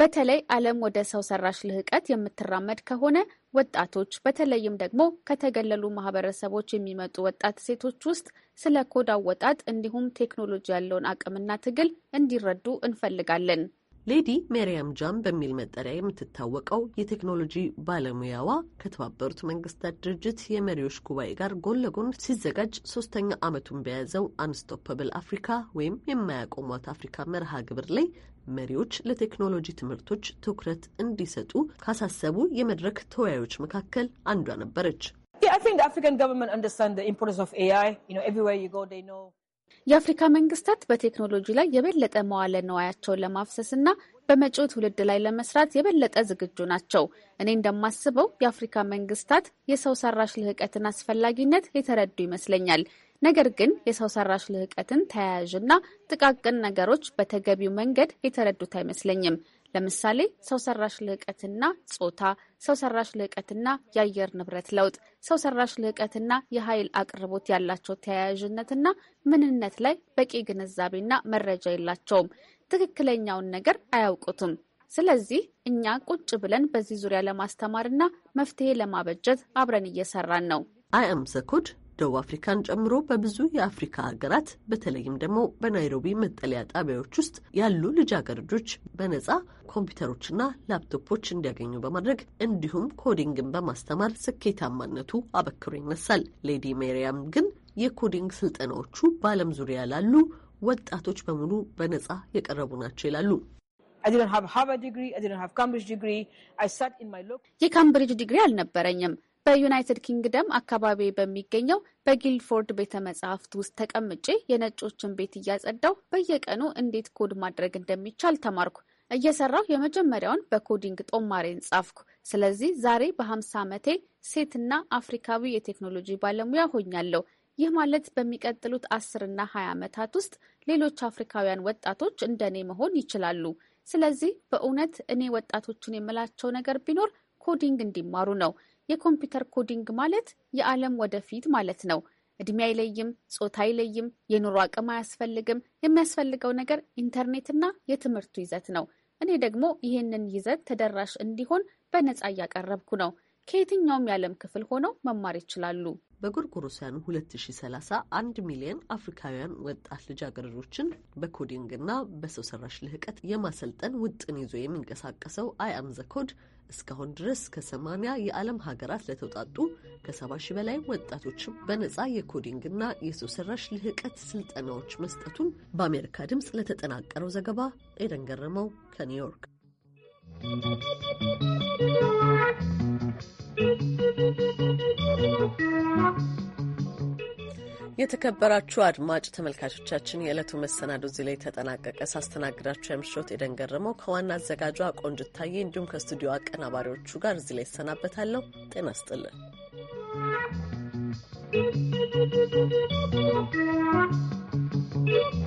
በተለይ ዓለም ወደ ሰው ሰራሽ ልህቀት የምትራመድ ከሆነ ወጣቶች በተለይም ደግሞ ከተገለሉ ማህበረሰቦች የሚመጡ ወጣት ሴቶች ውስጥ ስለ ኮድ አወጣጥ እንዲሁም ቴክኖሎጂ ያለውን አቅምና ትግል እንዲረዱ እንፈልጋለን። ሌዲ ሜሪያም ጃም በሚል መጠሪያ የምትታወቀው የቴክኖሎጂ ባለሙያዋ ከተባበሩት መንግስታት ድርጅት የመሪዎች ጉባኤ ጋር ጎን ለጎን ሲዘጋጅ ሶስተኛ ዓመቱን በያዘው አንስቶፐብል አፍሪካ ወይም የማያቆሟት አፍሪካ መርሃ ግብር ላይ መሪዎች ለቴክኖሎጂ ትምህርቶች ትኩረት እንዲሰጡ ካሳሰቡ የመድረክ ተወያዮች መካከል አንዷ ነበረች። የአፍሪካ መንግስታት በቴክኖሎጂ ላይ የበለጠ መዋለ ንዋያቸውን ለማፍሰስና በመጪው ትውልድ ላይ ለመስራት የበለጠ ዝግጁ ናቸው። እኔ እንደማስበው የአፍሪካ መንግስታት የሰው ሰራሽ ልህቀትን አስፈላጊነት የተረዱ ይመስለኛል። ነገር ግን የሰው ሰራሽ ልህቀትን ተያያዥና ጥቃቅን ነገሮች በተገቢው መንገድ የተረዱት አይመስለኝም። ለምሳሌ ሰው ሰራሽ ልዕቀትና ጾታ፣ ሰው ሰራሽ ልዕቀትና የአየር ንብረት ለውጥ፣ ሰው ሰራሽ ልዕቀትና የኃይል አቅርቦት ያላቸው ተያያዥነትና ምንነት ላይ በቂ ግንዛቤና መረጃ የላቸውም። ትክክለኛውን ነገር አያውቁትም። ስለዚህ እኛ ቁጭ ብለን በዚህ ዙሪያ ለማስተማርና መፍትሄ ለማበጀት አብረን እየሰራን ነው። አይ አም ደቡብ አፍሪካን ጨምሮ በብዙ የአፍሪካ ሀገራት በተለይም ደግሞ በናይሮቢ መጠለያ ጣቢያዎች ውስጥ ያሉ ልጃገረዶች በነጻ ኮምፒውተሮችና ላፕቶፖች እንዲያገኙ በማድረግ እንዲሁም ኮዲንግን በማስተማር ስኬታማነቱ አበክሮ ይነሳል። ሌዲ ሜሪያም ግን የኮዲንግ ስልጠናዎቹ በዓለም ዙሪያ ላሉ ወጣቶች በሙሉ በነጻ የቀረቡ ናቸው ይላሉ። የካምብሪጅ ዲግሪ አልነበረኝም። በዩናይትድ ኪንግደም አካባቢ በሚገኘው በጊልፎርድ ቤተ መጻሕፍት ውስጥ ተቀምጬ የነጮችን ቤት እያጸዳው በየቀኑ እንዴት ኮድ ማድረግ እንደሚቻል ተማርኩ። እየሰራው የመጀመሪያውን በኮዲንግ ጦማሬን ጻፍኩ። ስለዚህ ዛሬ በ50 ዓመቴ ሴትና አፍሪካዊ የቴክኖሎጂ ባለሙያ ሆኛለሁ። ይህ ማለት በሚቀጥሉት አስርና 20 ዓመታት ውስጥ ሌሎች አፍሪካውያን ወጣቶች እንደኔ መሆን ይችላሉ። ስለዚህ በእውነት እኔ ወጣቶችን የምላቸው ነገር ቢኖር ኮዲንግ እንዲማሩ ነው። የኮምፒውተር ኮዲንግ ማለት የዓለም ወደፊት ማለት ነው። እድሜ አይለይም፣ ጾታ አይለይም፣ የኑሮ አቅም አያስፈልግም። የሚያስፈልገው ነገር ኢንተርኔትና የትምህርቱ ይዘት ነው። እኔ ደግሞ ይህንን ይዘት ተደራሽ እንዲሆን በነጻ እያቀረብኩ ነው። ከየትኛውም የዓለም ክፍል ሆነው መማር ይችላሉ። በጎርጎሮሳውያኑ 2030 1 ሚሊዮን አፍሪካውያን ወጣት ልጃገረዶችን በኮዲንግና በሰው ሰራሽ ልህቀት የማሰልጠን ውጥን ይዞ የሚንቀሳቀሰው አይ ዘ ኮድ እስካሁን ድረስ ከ ከሰማንያ የዓለም ሀገራት ለተውጣጡ ከ 7 ሺህ በላይ ወጣቶች በነጻ የኮዲንግና የሰው ሰራሽ ልህቀት ስልጠናዎች መስጠቱን በአሜሪካ ድምፅ ለተጠናቀረው ዘገባ ኤደን ገረመው ከኒውዮርክ። የተከበራችሁ አድማጭ ተመልካቾቻችን የዕለቱ መሰናዶ እዚህ ላይ ተጠናቀቀ። ሳስተናግዳችሁ የምሽት ኤደን ገረመው ከዋና አዘጋጇ ቆንጅታዬ እንዲሁም ከስቱዲዮ አቀናባሪዎቹ ጋር እዚህ ላይ ይሰናበታለሁ። ጤና ስጥልን።